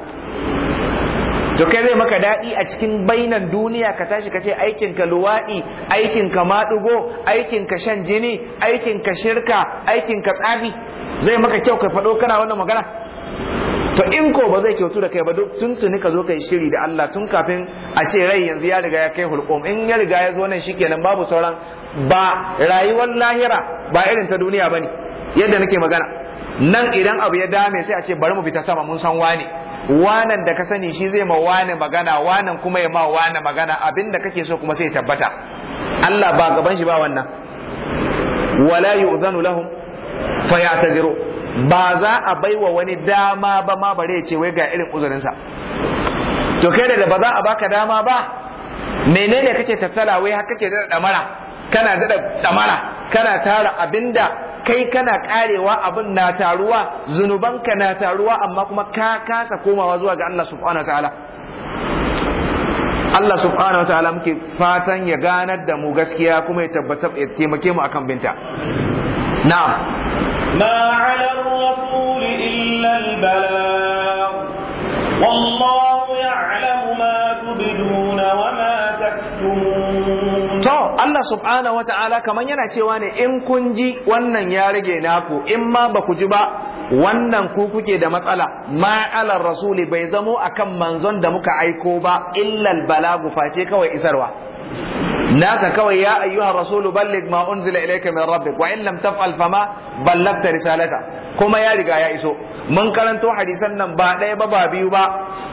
to kai zai maka daɗi a cikin bainan duniya ka tashi ka ce aikin ka luwaɗi aikin ka maɗugo aikin ka shan jini aikin ka shirka aikin ka tsafi zai maka kyau ka faɗo kana wannan magana to in ko ba zai kyautu da kai ba duk tuntuni ka zo kai shiri da Allah tun kafin a ce rai yanzu ya riga ya kai hulqum in ya riga ya zo nan shikenan babu sauran ba rayuwar lahira ba irin ta duniya bane yadda nake magana nan idan abu ya dame sai a ce bari mu fita sama mun san wane wanan da ka sani shi zai ma wane magana wanan kuma ya ma wane magana Abinda kake so kuma sai tabbata Allah ba gaban shi ba wannan wala yu'zanu lahum fayatadiru ba za a baiwa wani dama ba ma bare ce wai ga irin uzurinsa to kai da ba za a baka dama ba menene kake tattala wai har kake da damara kana da damara kana tara abinda kai kana karewa abin na taruwa zunubanka na taruwa amma kuma ka kasa komawa zuwa ga Allah subhanahu ta'ala Allah subhanahu ta'ala muke fatan ya ganar da mu gaskiya kuma ya tabbatar ya taimake mu akan binta na'am ما على الرسول إلا البلاغ والله يعلم ما تبدون وما تكتمون to Allah subhanahu kamar yana cewa ne in kun ji wannan ya rage naku in ma ba ku ji ba wannan ku kuke da matsala ma rasuli bai zamo akan manzon da muka aiko ba illal balagu face kawai isarwa nasa kawai ya ayyuhar rasulu ballig ma unzila ilayka min rabbik wa in lam taf'al risalata kuma ya riga ya iso mun karanto hadisan nan ba ɗaya ba biyu ba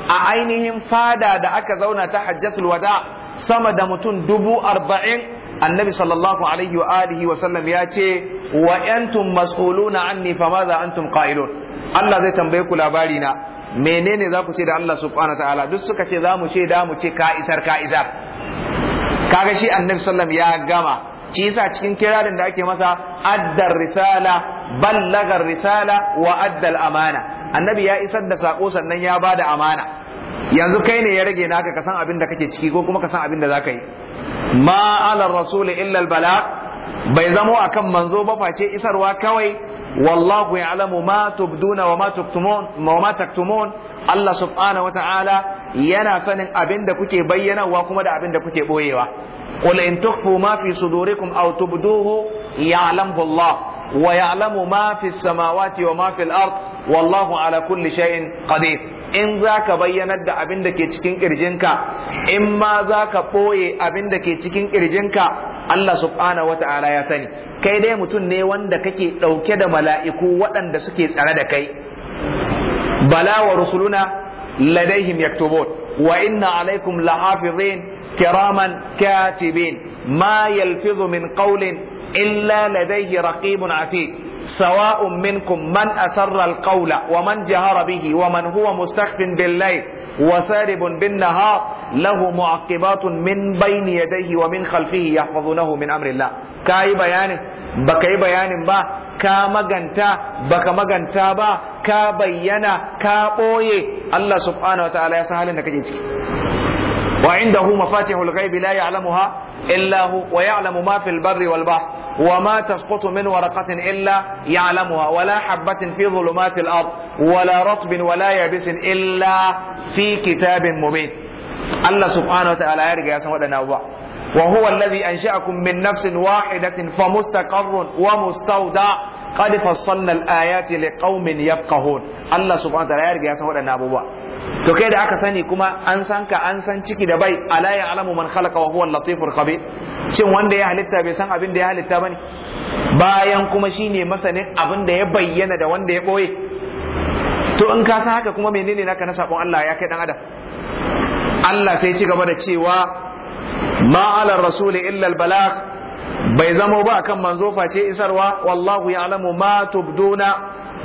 a ainihin fada da aka zauna ta hajjatul wada sama da mutum dubu arba'in annabi sallallahu alaihi wa wa sallam ya ce wa mas'uluna anni famaza antum qa'ilun Allah zai tambaye ku labari na menene za ku ce da Allah subhanahu wa ta'ala duk suka ce za mu ce da mu ce ka isar ka isar kaga shi annabi sallam ya gama shi yasa cikin kirarin da ake masa addar risala ballagar risala wa addal amana annabi ya isar da sako sannan ya bada amana yanzu kai ne ya rage naka ka san abin da kake ciki ko kuma ka san abin da zaka yi ma ala rasul illa al bala bai zamo akan manzo ba face isarwa kawai wallahu ya'lamu ma tubduna wa ma taktumun wa ma taktumun Allah subhanahu wa ta'ala yana sanin abin da kuke bayyanawa kuma da abin da kuke boyewa qul in tukhfu ma fi sudurikum aw tubduhu ya'lamu Allah wa ya'lamu ma fi samawati wa ma fil ard wallahu ala kulli shay'in qadir in ka bayyanar da abin da ke cikin kirjinka in ma zaka ɓoye abin da ke cikin kirjinka Allah subhanahu Ta'ala ya sani kai dai mutum ne wanda kake ɗauke da mala'iku waɗanda suke tsare da kai bala wa rusuluna ladaihim yaktubun wa inna alaikum lahafizin kiraman katibin ma yalfizu min qawlin illa ladaihi raqibun atid سواء منكم من أسر القول ومن جهر به ومن هو مستخف بالليل وسارب بالنهار له معقبات من بين يديه ومن خلفه يحفظونه من أمر الله كاي بيان بكاي بيان با ka maganta ba ka maganta ba ka bayyana ka ɓoye Allah subhanahu wa ta'ala ya san halin da kake ciki wa indahu mafatihul ghaibi la ya'lamuha illa hu wa ya'lamu ma fil barri wal wa ma tasqutu min waraqatin illa ya'lamuha wa la habatin fi dhulumatil ard wa la ratbin wa la yabisin illa fi kitabin mubin Allah subhanahu wa ta'ala ya riga ya san waɗannan ba. وهو الذي أنشأكم من نفس واحدة فمستقر ومستودع قد فصلنا الآيات لقوم يفقهون الله سبحانه وتعالى يرجع سهولة نابوبا to kai da aka sani kuma an san ka an san ciki da bai ala ya alamu man khalaqa wa huwa latifur khabir shin wanda ya halitta bai san abin da ya halitta bane bayan kuma shine masanin abin da ya bayyana da wanda ya boye to in ka san haka kuma menene naka na sabon Allah ya kai dan adam Allah sai ci gaba da cewa ما على الرسول إلا البلاغ بيزم وبا كم منزوفة إسروا والله يعلم ما تبدون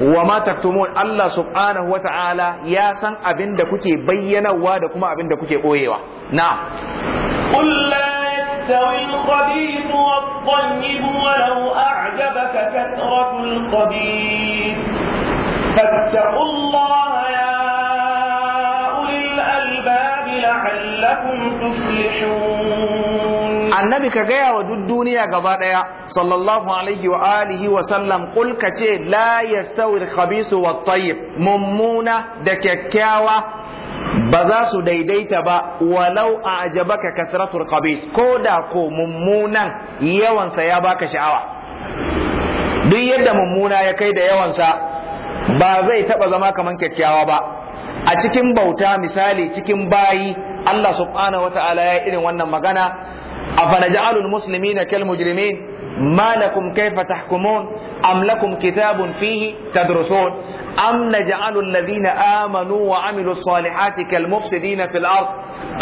وما تكتمون الله سبحانه وتعالى يا سن أبن دكتي بينا وادكما أبن دكتي قويوا نعم قل لا يستوي الخبيث والطيب ولو أعجبك كثرة الخبيث فاتقوا الله يا لعلكم تفلحون النبي كغيا ودد دنيا غبا ديا صلى الله عليه واله وسلم قل كتي لا يستوي الخبيث Mummuna da kyakkyawa ba za su daidaita ba walau a ajabaka kasratul Khabis. ko da ko mummunan yawansa ya baka sha'awa duk yadda mummuna ya kai da yawansa ba zai taba zama kaman kyakkyawa ba a cikin bauta misali cikin bayi Allah subhanahu wataala ya irin wannan magana afanaj'alul muslimina kal mujrimin ma lakum kayfa tahkumun am lakum kitabun fihi tadrusun أم نجعل الذين آمنوا وعملوا الصالحات كالمفسدين في الأرض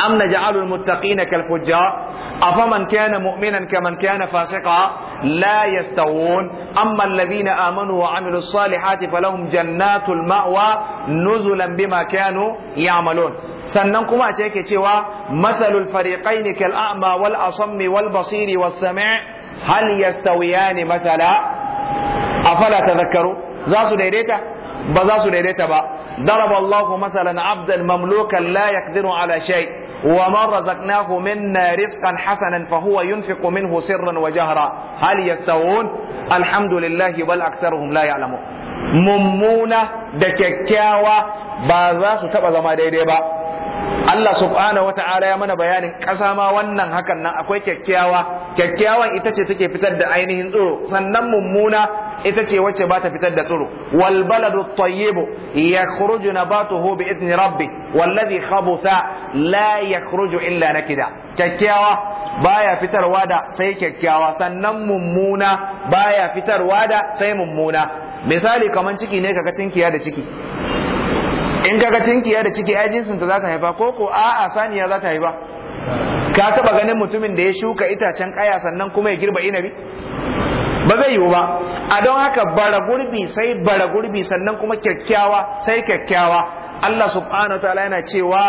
أم نجعل المتقين كالفجار أفمن كان مؤمنا كمن كان فاسقا لا يستوون أما الذين آمنوا وعملوا الصالحات فلهم جنات المأوى نزلا بما كانوا يعملون sannan kuma a ce cewa masalul fariqaini kal a'ma wal asammi wal basiri was sami' hal ba za su daidaita ba daraba Allahu masalan abdan mamlukan la yaqdiru ala shay wa man razaqnahu minna rizqan hasanan fa huwa yunfiqu minhu sirran wa jahra hal yastawun alhamdulillahi bal aktsaruhum la ya'lamu mummuna da kyakkyawa ba za su taba zama daidai ba Allah Subhana wa ta'ala ya mana bayanin ƙasa ma wannan hakan nan akwai kyakkyawa kyakkyawan ita ce take fitar da ainihin tsoro sannan mummuna ita ce wacce ba ta fitar da tsiro wal baladu tayyibu yakhruju nabatuhu bi idni rabbi ladhi khabutha la yakhruju illa nakida kyakkyawa baya fitarwa da sai kyakkyawa sannan mummuna baya fitarwa da sai mummuna misali kaman ciki ne kaga tinkiya da ciki in kaga tinkiya da ciki ai jinsin ta za haifa ko ko a'a saniya za ta haifa ka taba ganin mutumin da ya shuka itacen kaya sannan kuma ya girba inabi ba zai yiwu ba a don haka bara gurbi sai bara gurbi sannan kuma kyakkyawa sai kyakkyawa Allah subhanahu wa ta'ala yana cewa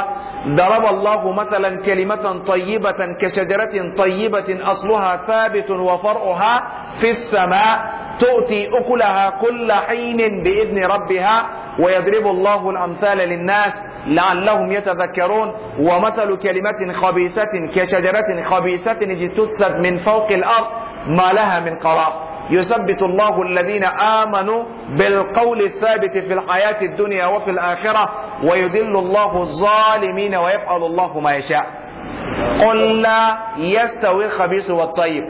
daraba Allahu mathalan kalimatan tayyibatan ka shajaratin tayyibatin asluha thabitun wa far'uha fis sama tu'ti ukulaha kulla hinin bi idni rabbiha wa yadribu Allahu al-amthala lin nas la'allahum yatadhakkarun wa لعلهم kalimatin khabisatin ka shajaratin khabisatin خبيثة min fawqi al الأرض ma laha min قرار يثبت الله الذين آمنوا بالقول الثابت في الحياة الدنيا وفي الآخرة ويذل الله الظالمين ويفعل الله ما يشاء قل لا يستوي الخبيث والطيب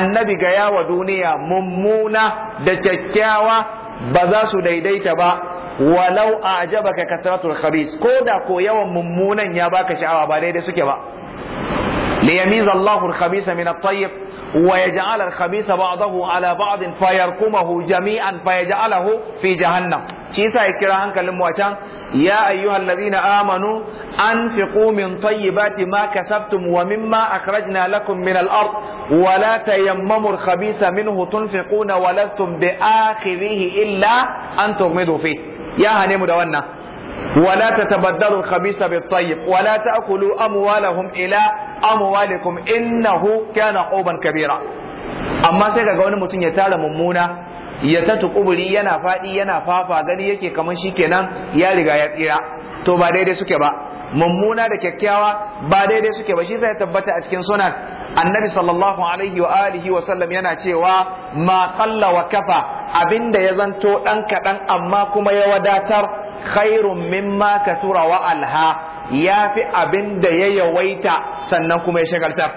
النبي جاء ودنيا ممونة دتكاوى بزاس ديديت با walau a ajabaka kasratul khabis ko da ko yawan mummunan ya baka sha'awa ba daidai suke ba li yamiza Allahu al-khabisa min at-tayyib ويجعل الخبيث بعضه على بعض فيرقمه جميعا فيجعله في جهنم شيسا يكرا هنكلم واشان يا أيها الذين آمنوا أنفقوا من طيبات ما كسبتم ومما أخرجنا لكم من الأرض ولا تيمموا الخبيث منه تنفقون ولستم بآخذه إلا أن تغمضوا فيه يا هنيم دوانا ولا تتبدلوا الخبيث بالطيب ولا تأكلوا أموالهم إلى amwalikum innahu kana quban kabira amma sai kaga wani mutum ya tara mummuna ya ta tukuburi yana fadi yana fafa gani yake kamar shikenan ya riga ya tsira to ba daidai suke ba mummuna da kyakkyawa ba daidai suke ba shi sai tabbata a cikin sunan annabi sallallahu alaihi wa alihi wa sallam yana cewa ma qalla wa kafa abinda ya zanto dan kadan amma kuma ya wadatar khairun mimma kasura wa alha ya fi abin da ya yawaita sannan kuma ya shagaltar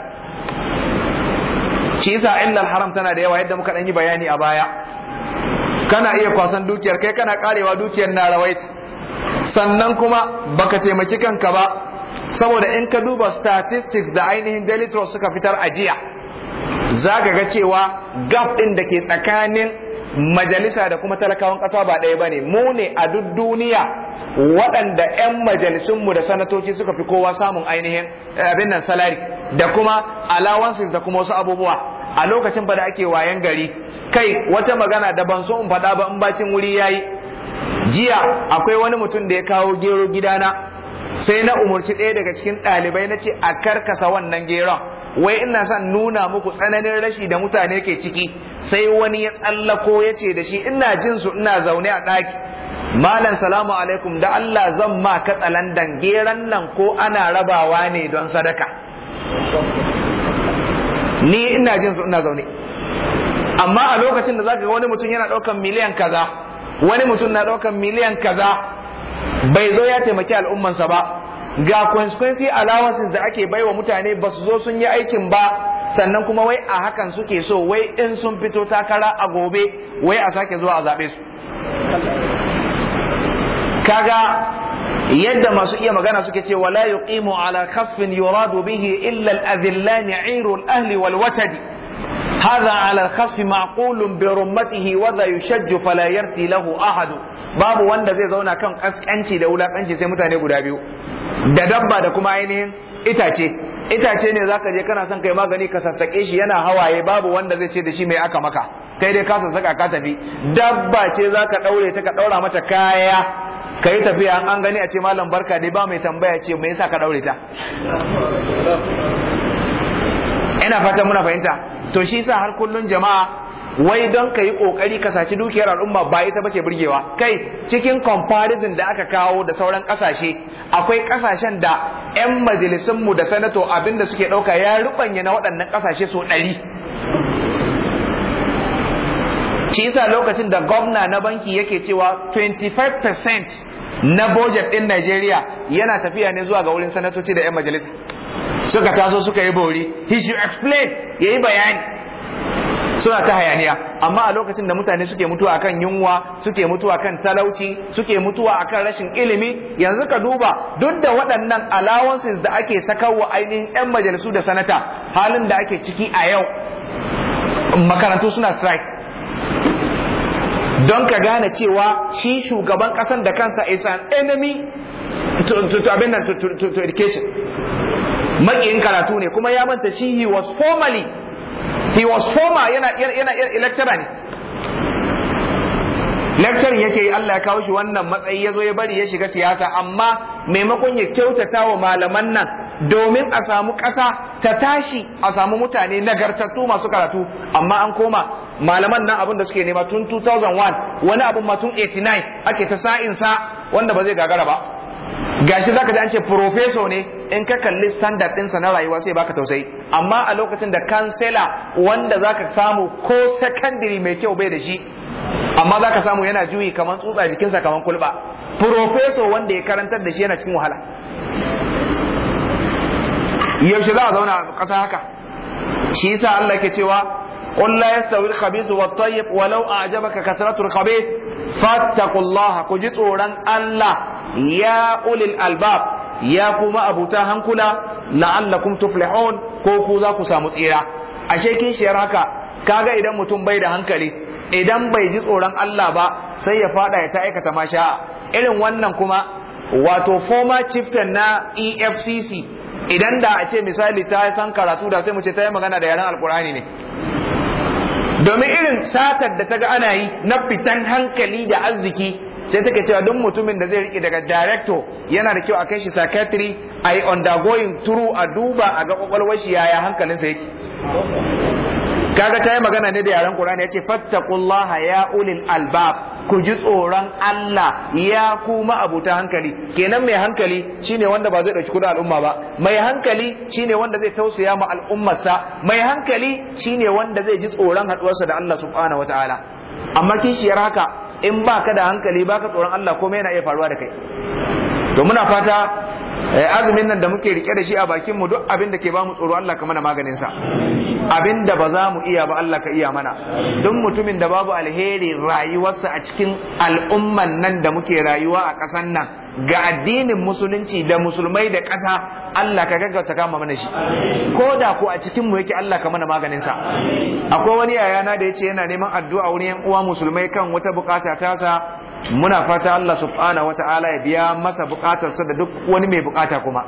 shi yasa illal haram tana da yawa yadda muka ɗan yi bayani a baya kana iya kwasan dukiyar kai kana karewa dukiyar na rawaita sannan kuma baka taimaki kanka ba saboda in ka duba statistics da ainihin delitro suka fitar a jiya za ga cewa gap ɗin da ke tsakanin majalisa da kuma talakawan ƙasa ba ɗaya ba ne mu ne a duk duniya waɗanda 'yan majalisunmu da sanatoci suka fi kowa samun ainihin eh, abin nan salari da kuma allowances da kuma wasu abubuwa a lokacin ba da ake wayan gari kai wata magana da ban so in faɗa ba in bacin wuri ya yi. jiya akwai wani mutum da ya kawo gero gidana sai na umarci ɗaya daga cikin ɗalibai na ce a karkasa wannan geron wai ina son nuna muku tsananin rashi da mutane ke ciki sai wani ya tsallako ya ce da shi ina jin su ina zaune a ɗaki malam salamu alaikum da Allah zan ma katsalandan geran nan ko ana rabawa ne don sadaka ni ina jin su ina zaune amma a lokacin da zaka wani mutum yana ɗaukan miliyan kaza wani mutum na ɗaukan miliyan kaza bai zo ya taimaki al'ummansa ba ga consequency allowances da ake baiwa mutane ba su zo sun yi aikin ba sannan kuma wai a hakan suke so wai in sun fito takara a gobe wai a sake zuwa a zaɓe su kaga yadda masu iya magana suke ce wala yuqimu ala khasfin yuradu bihi illa al-adhillani 'iru ahli wal watadi هذا على الخصف معقول برمته وذا يشج فلا يرثي له أحد wanda zai zauna kan kaskanci da wulakanci sai mutane guda biyu da dabba da kuma ainihin itace itace ne zaka je kana son kai magani ka sassake shi yana hawaye babu wanda zai ce da shi mai aka maka kai dai ka sassaka ka tafi dabba ce zaka daure ta ka ɗaura mata kaya ka yi tafiya an gani a ce malam barka dai ba mai tambaya ce me yasa ka ɗaure ta ina fata muna fahimta to shi yasa har kullun jama'a wai don ka yi kokari ka saci dukiyar al'umma ba ita bace burgewa kai cikin comparison da aka kawo da sauran kasashe akwai kasashen da 'yan mu da sanato abinda suke ɗauka ya rubanya na waɗannan kasashe so ɗari shi yasa lokacin da gwamna na banki yake cewa 25% na budget din Najeriya yana tafiya ne zuwa ga wurin sanatoci da 'yan majalisa suka taso suka yi bori he should explain ya yi bayani suna ta hayaniya amma a lokacin da mutane suke mutuwa akan yunwa suke mutuwa kan talauci suke mutuwa akan rashin ilimi yanzu ka duba duk da waɗannan allowances da ake sakawa ainihin 'yan majalisu da sanata halin da ake ciki a yau makarantu suna strike don ka gane cewa shi shugaban ƙasan da kansa is an enemy to, to, to, to education makiyin karatu ne kuma ya manta shi he was formerly he was former yana yana lecturer ne lecturer yake yi Allah ya kawo shi wannan matsayi ya zo ya bari ya shiga siyasa amma maimakon ya kyautata wa malaman nan domin a samu ƙasa ta tashi a samu mutane nagartattu masu karatu amma an koma malaman nan abin da suke nema tun 2001 wani abin ma tun 89 ake ta sa'in sa wanda ba zai gagara ba gashi zaka ji an ce professor ne in ka kalli standard ɗinsa na rayuwa sai baka tausayi amma a lokacin da kansela wanda zaka samu ko secondary mai kyau bai da shi amma ka samu yana juyi kamar tsutsa jikinsa kamar kulba professor wanda ya karantar da shi yana cikin wahala yaushe za a zauna a ƙasa haka shi yasa Allah ke cewa قل لا يستوي الخبيث والطيب ولو أعجبك كثرة الخبيث فاتقوا الله كجت أوران الله يا أولي الألباب ya kuma abuta hankula la'allakum tuflihun ko ku za ku samu tsira ashe kishiyar haka kaga idan mutum bai da hankali idan bai ji tsoron Allah ba sai ya fada ya ta aikata masha irin wannan kuma wato former chieftain na EFCC idan da a ce misali ta yi san karatu da sai mu ce ta yi magana da yaren alkurani ne domin irin satar da ta ga ana yi na fitan hankali da arziki sai take cewa duk mutumin da zai rike daga director yana da kyau a kai shi psychiatry a yi undergoing through a duba a ga kwakwalwar shi yaya hankalinsa yake kaga ta yi magana ne da yaren Qur'ani ya ce fattaqullaha ya ulil albab ku ji tsoron Allah ya kuma abuta hankali kenan mai hankali shine wanda ba zai dauki kudin al'umma ba mai hankali shine wanda zai tausaya ma al'ummarsa mai hankali shine wanda zai ji tsoron haduwarsa da Allah subhanahu wataala amma kishiyar haka in ba ka da hankali ba ka tsoron Allah komai yana iya faruwa da kai to muna fata eh, azumin nan da muke rike da shi a bakin mu duk abin da ke ba mu tsoro Allah ka mana maganin sa abin da ba za mu iya ba Allah ka iya mana duk mutumin da babu alheri rayuwarsa a cikin al'umman nan da muke rayuwa a ƙasan nan ga addinin musulunci da musulmai da ƙasa Allah ka gaggauta kama mana shi ko da ko a cikin mu yake Allah ka mana maganin sa akwai wani yayana da yace yana neman addu'a wurin yan uwa musulmai kan wata bukata ta sa muna fata Allah subhanahu wataala ya biya masa sa da duk wani mai bukata kuma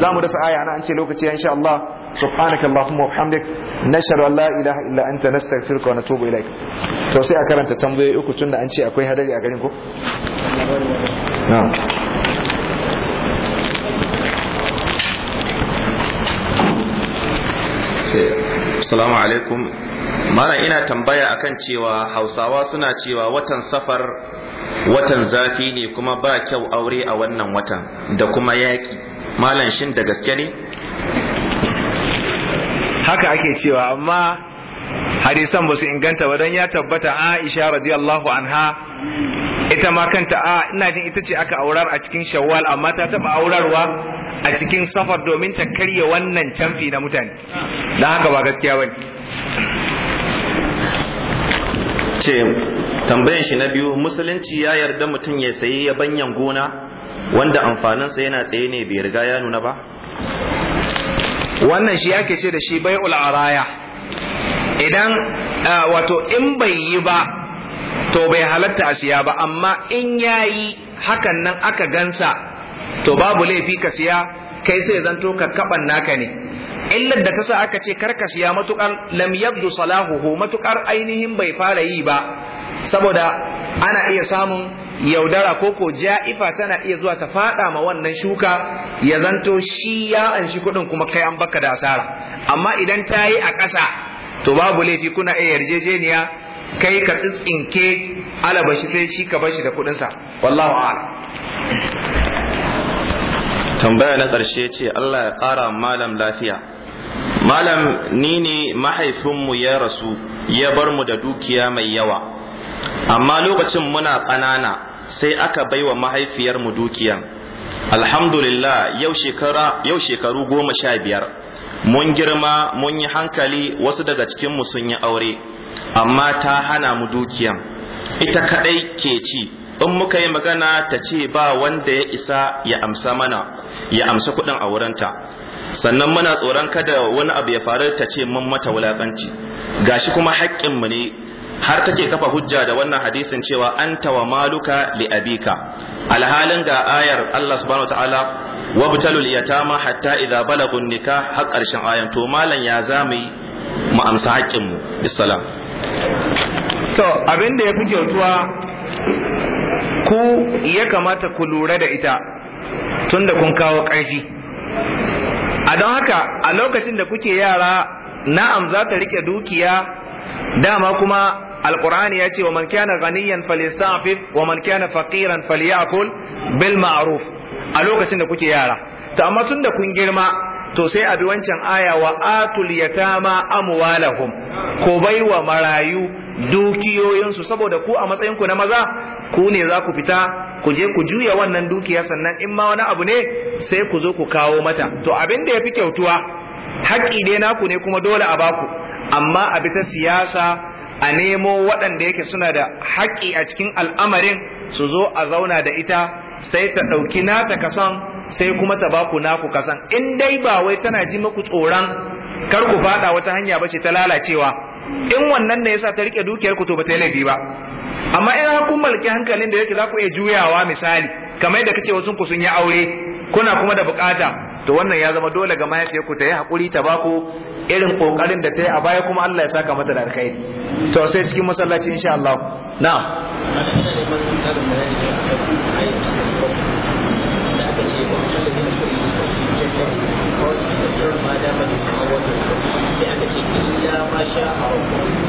za mu dasa aya na an ce lokaci insha Allah سبحانك اللهم nashhadu an la ilaha illa anta nastaghfiruka wa natubu ilaik to sai a karanta tambayoyi uku tunda an ce akwai hadari a garin ko na'am Assalamu alaikum. Mana ina tambaya akan cewa Hausawa suna cewa watan safar watan zafi ne kuma ba kyau aure a wannan watan da kuma yaƙi. Malam shin da gaske ne? Haka ake cewa amma hadisan ba su inganta ba don ya tabbata Aisha radiyallahu anha ita ma kanta a ina jin ita ce aka aurar a cikin shawwal amma ta taba aurarwa a cikin safar domin ta karya wannan canfi na mutane don haka ba gaskiya bane ce tambayan shi na biyu musulunci ya yarda mutum ya sayi banyan gona wanda amfaninsa yana tsaye ne bai riga ya nuna ba wannan shi ake ce da shi bai araya idan wato in bai yi ba to bai halatta a siya ba amma in yayi hakan nan aka gansa to babu laifi ka siya kai sai zanto ka kaban naka ne illar da ta sa aka ce kar ka siya matukar lam yabdu salahuhu matukar ainihin bai fara yi ba saboda ana iya samun yaudara ko ko ja'ifa tana iya zuwa ta fada ma wannan shuka ya zanto shi ya anshi kuɗin kuma kai an baka da asara amma idan ta yi a ƙasa to babu laifi kuna iya yarjejeniya kai ka tsitsinke alabashi sai shi ka bashi da kuɗinsa wallahu a'lam tambaya na ƙarshe ce Allah ya ƙara malam lafiya malam ni ne mahaifinmu ya rasu ya bar mu da dukiya mai yawa amma lokacin muna ƙanana sai aka baiwa mahaifiyarmu dukiyan alhamdulillah yau shekaru goma sha biyar mun girma mun yi hankali wasu daga cikinmu sun yi aure amma ta hana mu dukiyan ita kaɗai ke ci in muka yi magana ta ce ba wanda ya isa ya amsa mana ya amsa kuɗin a wurinta sannan muna tsoron kada wani abu ya faru ta ce mun mata wulakanci gashi kuma haƙƙinmu ne har take kafa hujja da wannan hadisin cewa anta wa maluka li abika alhalin ga ayar Allah subhanahu wataala wabtalul yatama hatta idza balagu nikah har karshen ayan to malam ya zamu mu amsa haƙƙin mu bisalam to abin da yafi kyautuwa ku ya kamata ku lura da ita tunda kun kawo ƙarfi a don haka a lokacin da kuke yara na'am za ta rike dukiya dama kuma Alƙur'ani ya ce wa man kana ghaniyan Fif, wa man kana faqiran falyakul bil ma'aruf a lokacin da kuke yara Ta amma tunda kun girma to sai abi wancan aya wa atul yatama amwalahum ko baiwa marayu dukiyoyinsu saboda ku a matsayin ku na maza ku ne za ku fita ku je ku juya wannan dukiya sannan in ma wani abu ne sai ku zo ku kawo mata to abin da yafi kyautuwa haƙƙi dai naku ne kuma dole a baku amma a ta siyasa a nemo waɗanda yake suna da haƙƙi a cikin al'amarin su zo a zauna da ita sai ta ɗauki nata kason sai kuma ta baku naku kasan in dai ba wai tana ji muku tsoron kar ku fada wata hanya bace ta lalacewa in wannan ne yasa ta rike dukiyar ku to ba ta laifi ba amma in kun malki hankalin da yake za ku iya juyawa misali kamar yadda kace wasu ku sun yi aure kuna kuma da bukata to wannan ya zama dole ga ku ta yi hakuri ta baku irin kokarin da ta yi a baya kuma Allah ya saka mata da alkhairi to sai cikin masallaci insha Allah na'am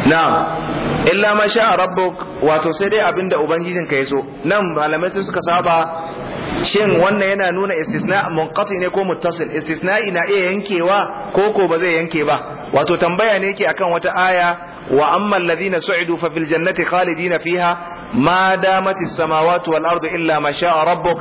na'am illa ma sha rabbuk wato sai dai abinda ubangijin ka yaso nan malamai sun suka saba shin wannan yana nuna istisna munqati ne ko muttasil istisna'i na iya yankewa ko ko ba zai yanke ba wato tambaya ne yake akan wata aya wa amma alladhina su'idu fa fil jannati khalidina fiha ma damat samawati wal ardu illa ma sha'a rabbuk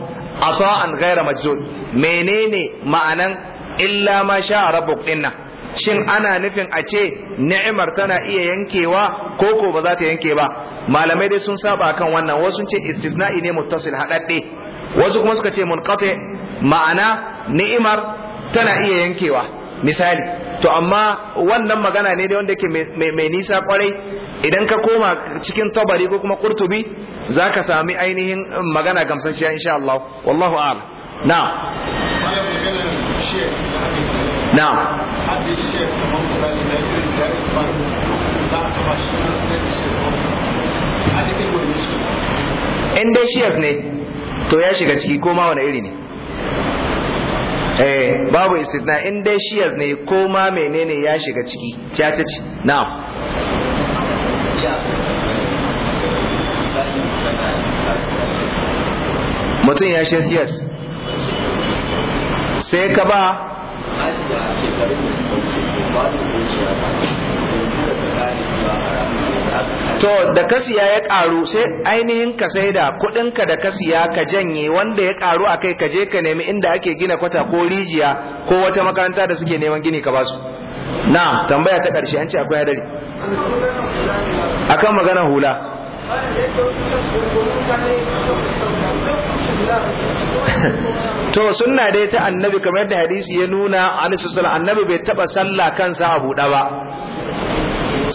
ata'an ghayra majzuz menene ma'anan illa ma sha'a rabbuk dinnan shin ana nufin a ce ni'imar tana iya yankewa ko ko ba za ta yanke ba malamai dai sun saba kan wannan wasu sun ce istisna'i ne muttasil haɗaɗɗe wasu kuma suka ce munqati ma'ana ni'imar tana iya yankewa misali to amma wannan magana ne dai wanda ke mai nisa kwarai idan ka koma cikin tabari ko kuma kurtubi za ka sami ainihin magana gamsasshiya insha Allah wallahu a'lam na'am Now. in dai shiyas ne to ya shiga ciki ko ma wani iri ne eh babu istisna in dai shiyas ne ko ma menene ya shiga ciki ya ce now. mutum ya shi siyas sai ka ba Asiya da da suka wuce zuciya ba to da kasiya ya ƙaru sai ainihin ka sai da kuɗinka da kasiya ka janye wanda ya ƙaru a kai ka je ka nemi inda ake gina kwata ko rijiya ko wata makaranta da suke neman gini ka basu na tambaya ta karshe. an ce akwai hadari akan magana hula to sunna dai ta annabi kamar yadda hadisi ya nuna alaihi sallallahu annabi bai taba sallah kansa a buɗe ba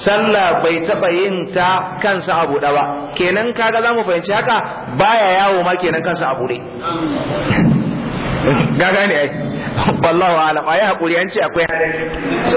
sallah bai taba yin ta kansa a buɗe ba kenan kaga zamu fahimci haka baya yawo ma kenan kansa a buɗe gaga ne ai wallahu a'lam ai hakuri an ce akwai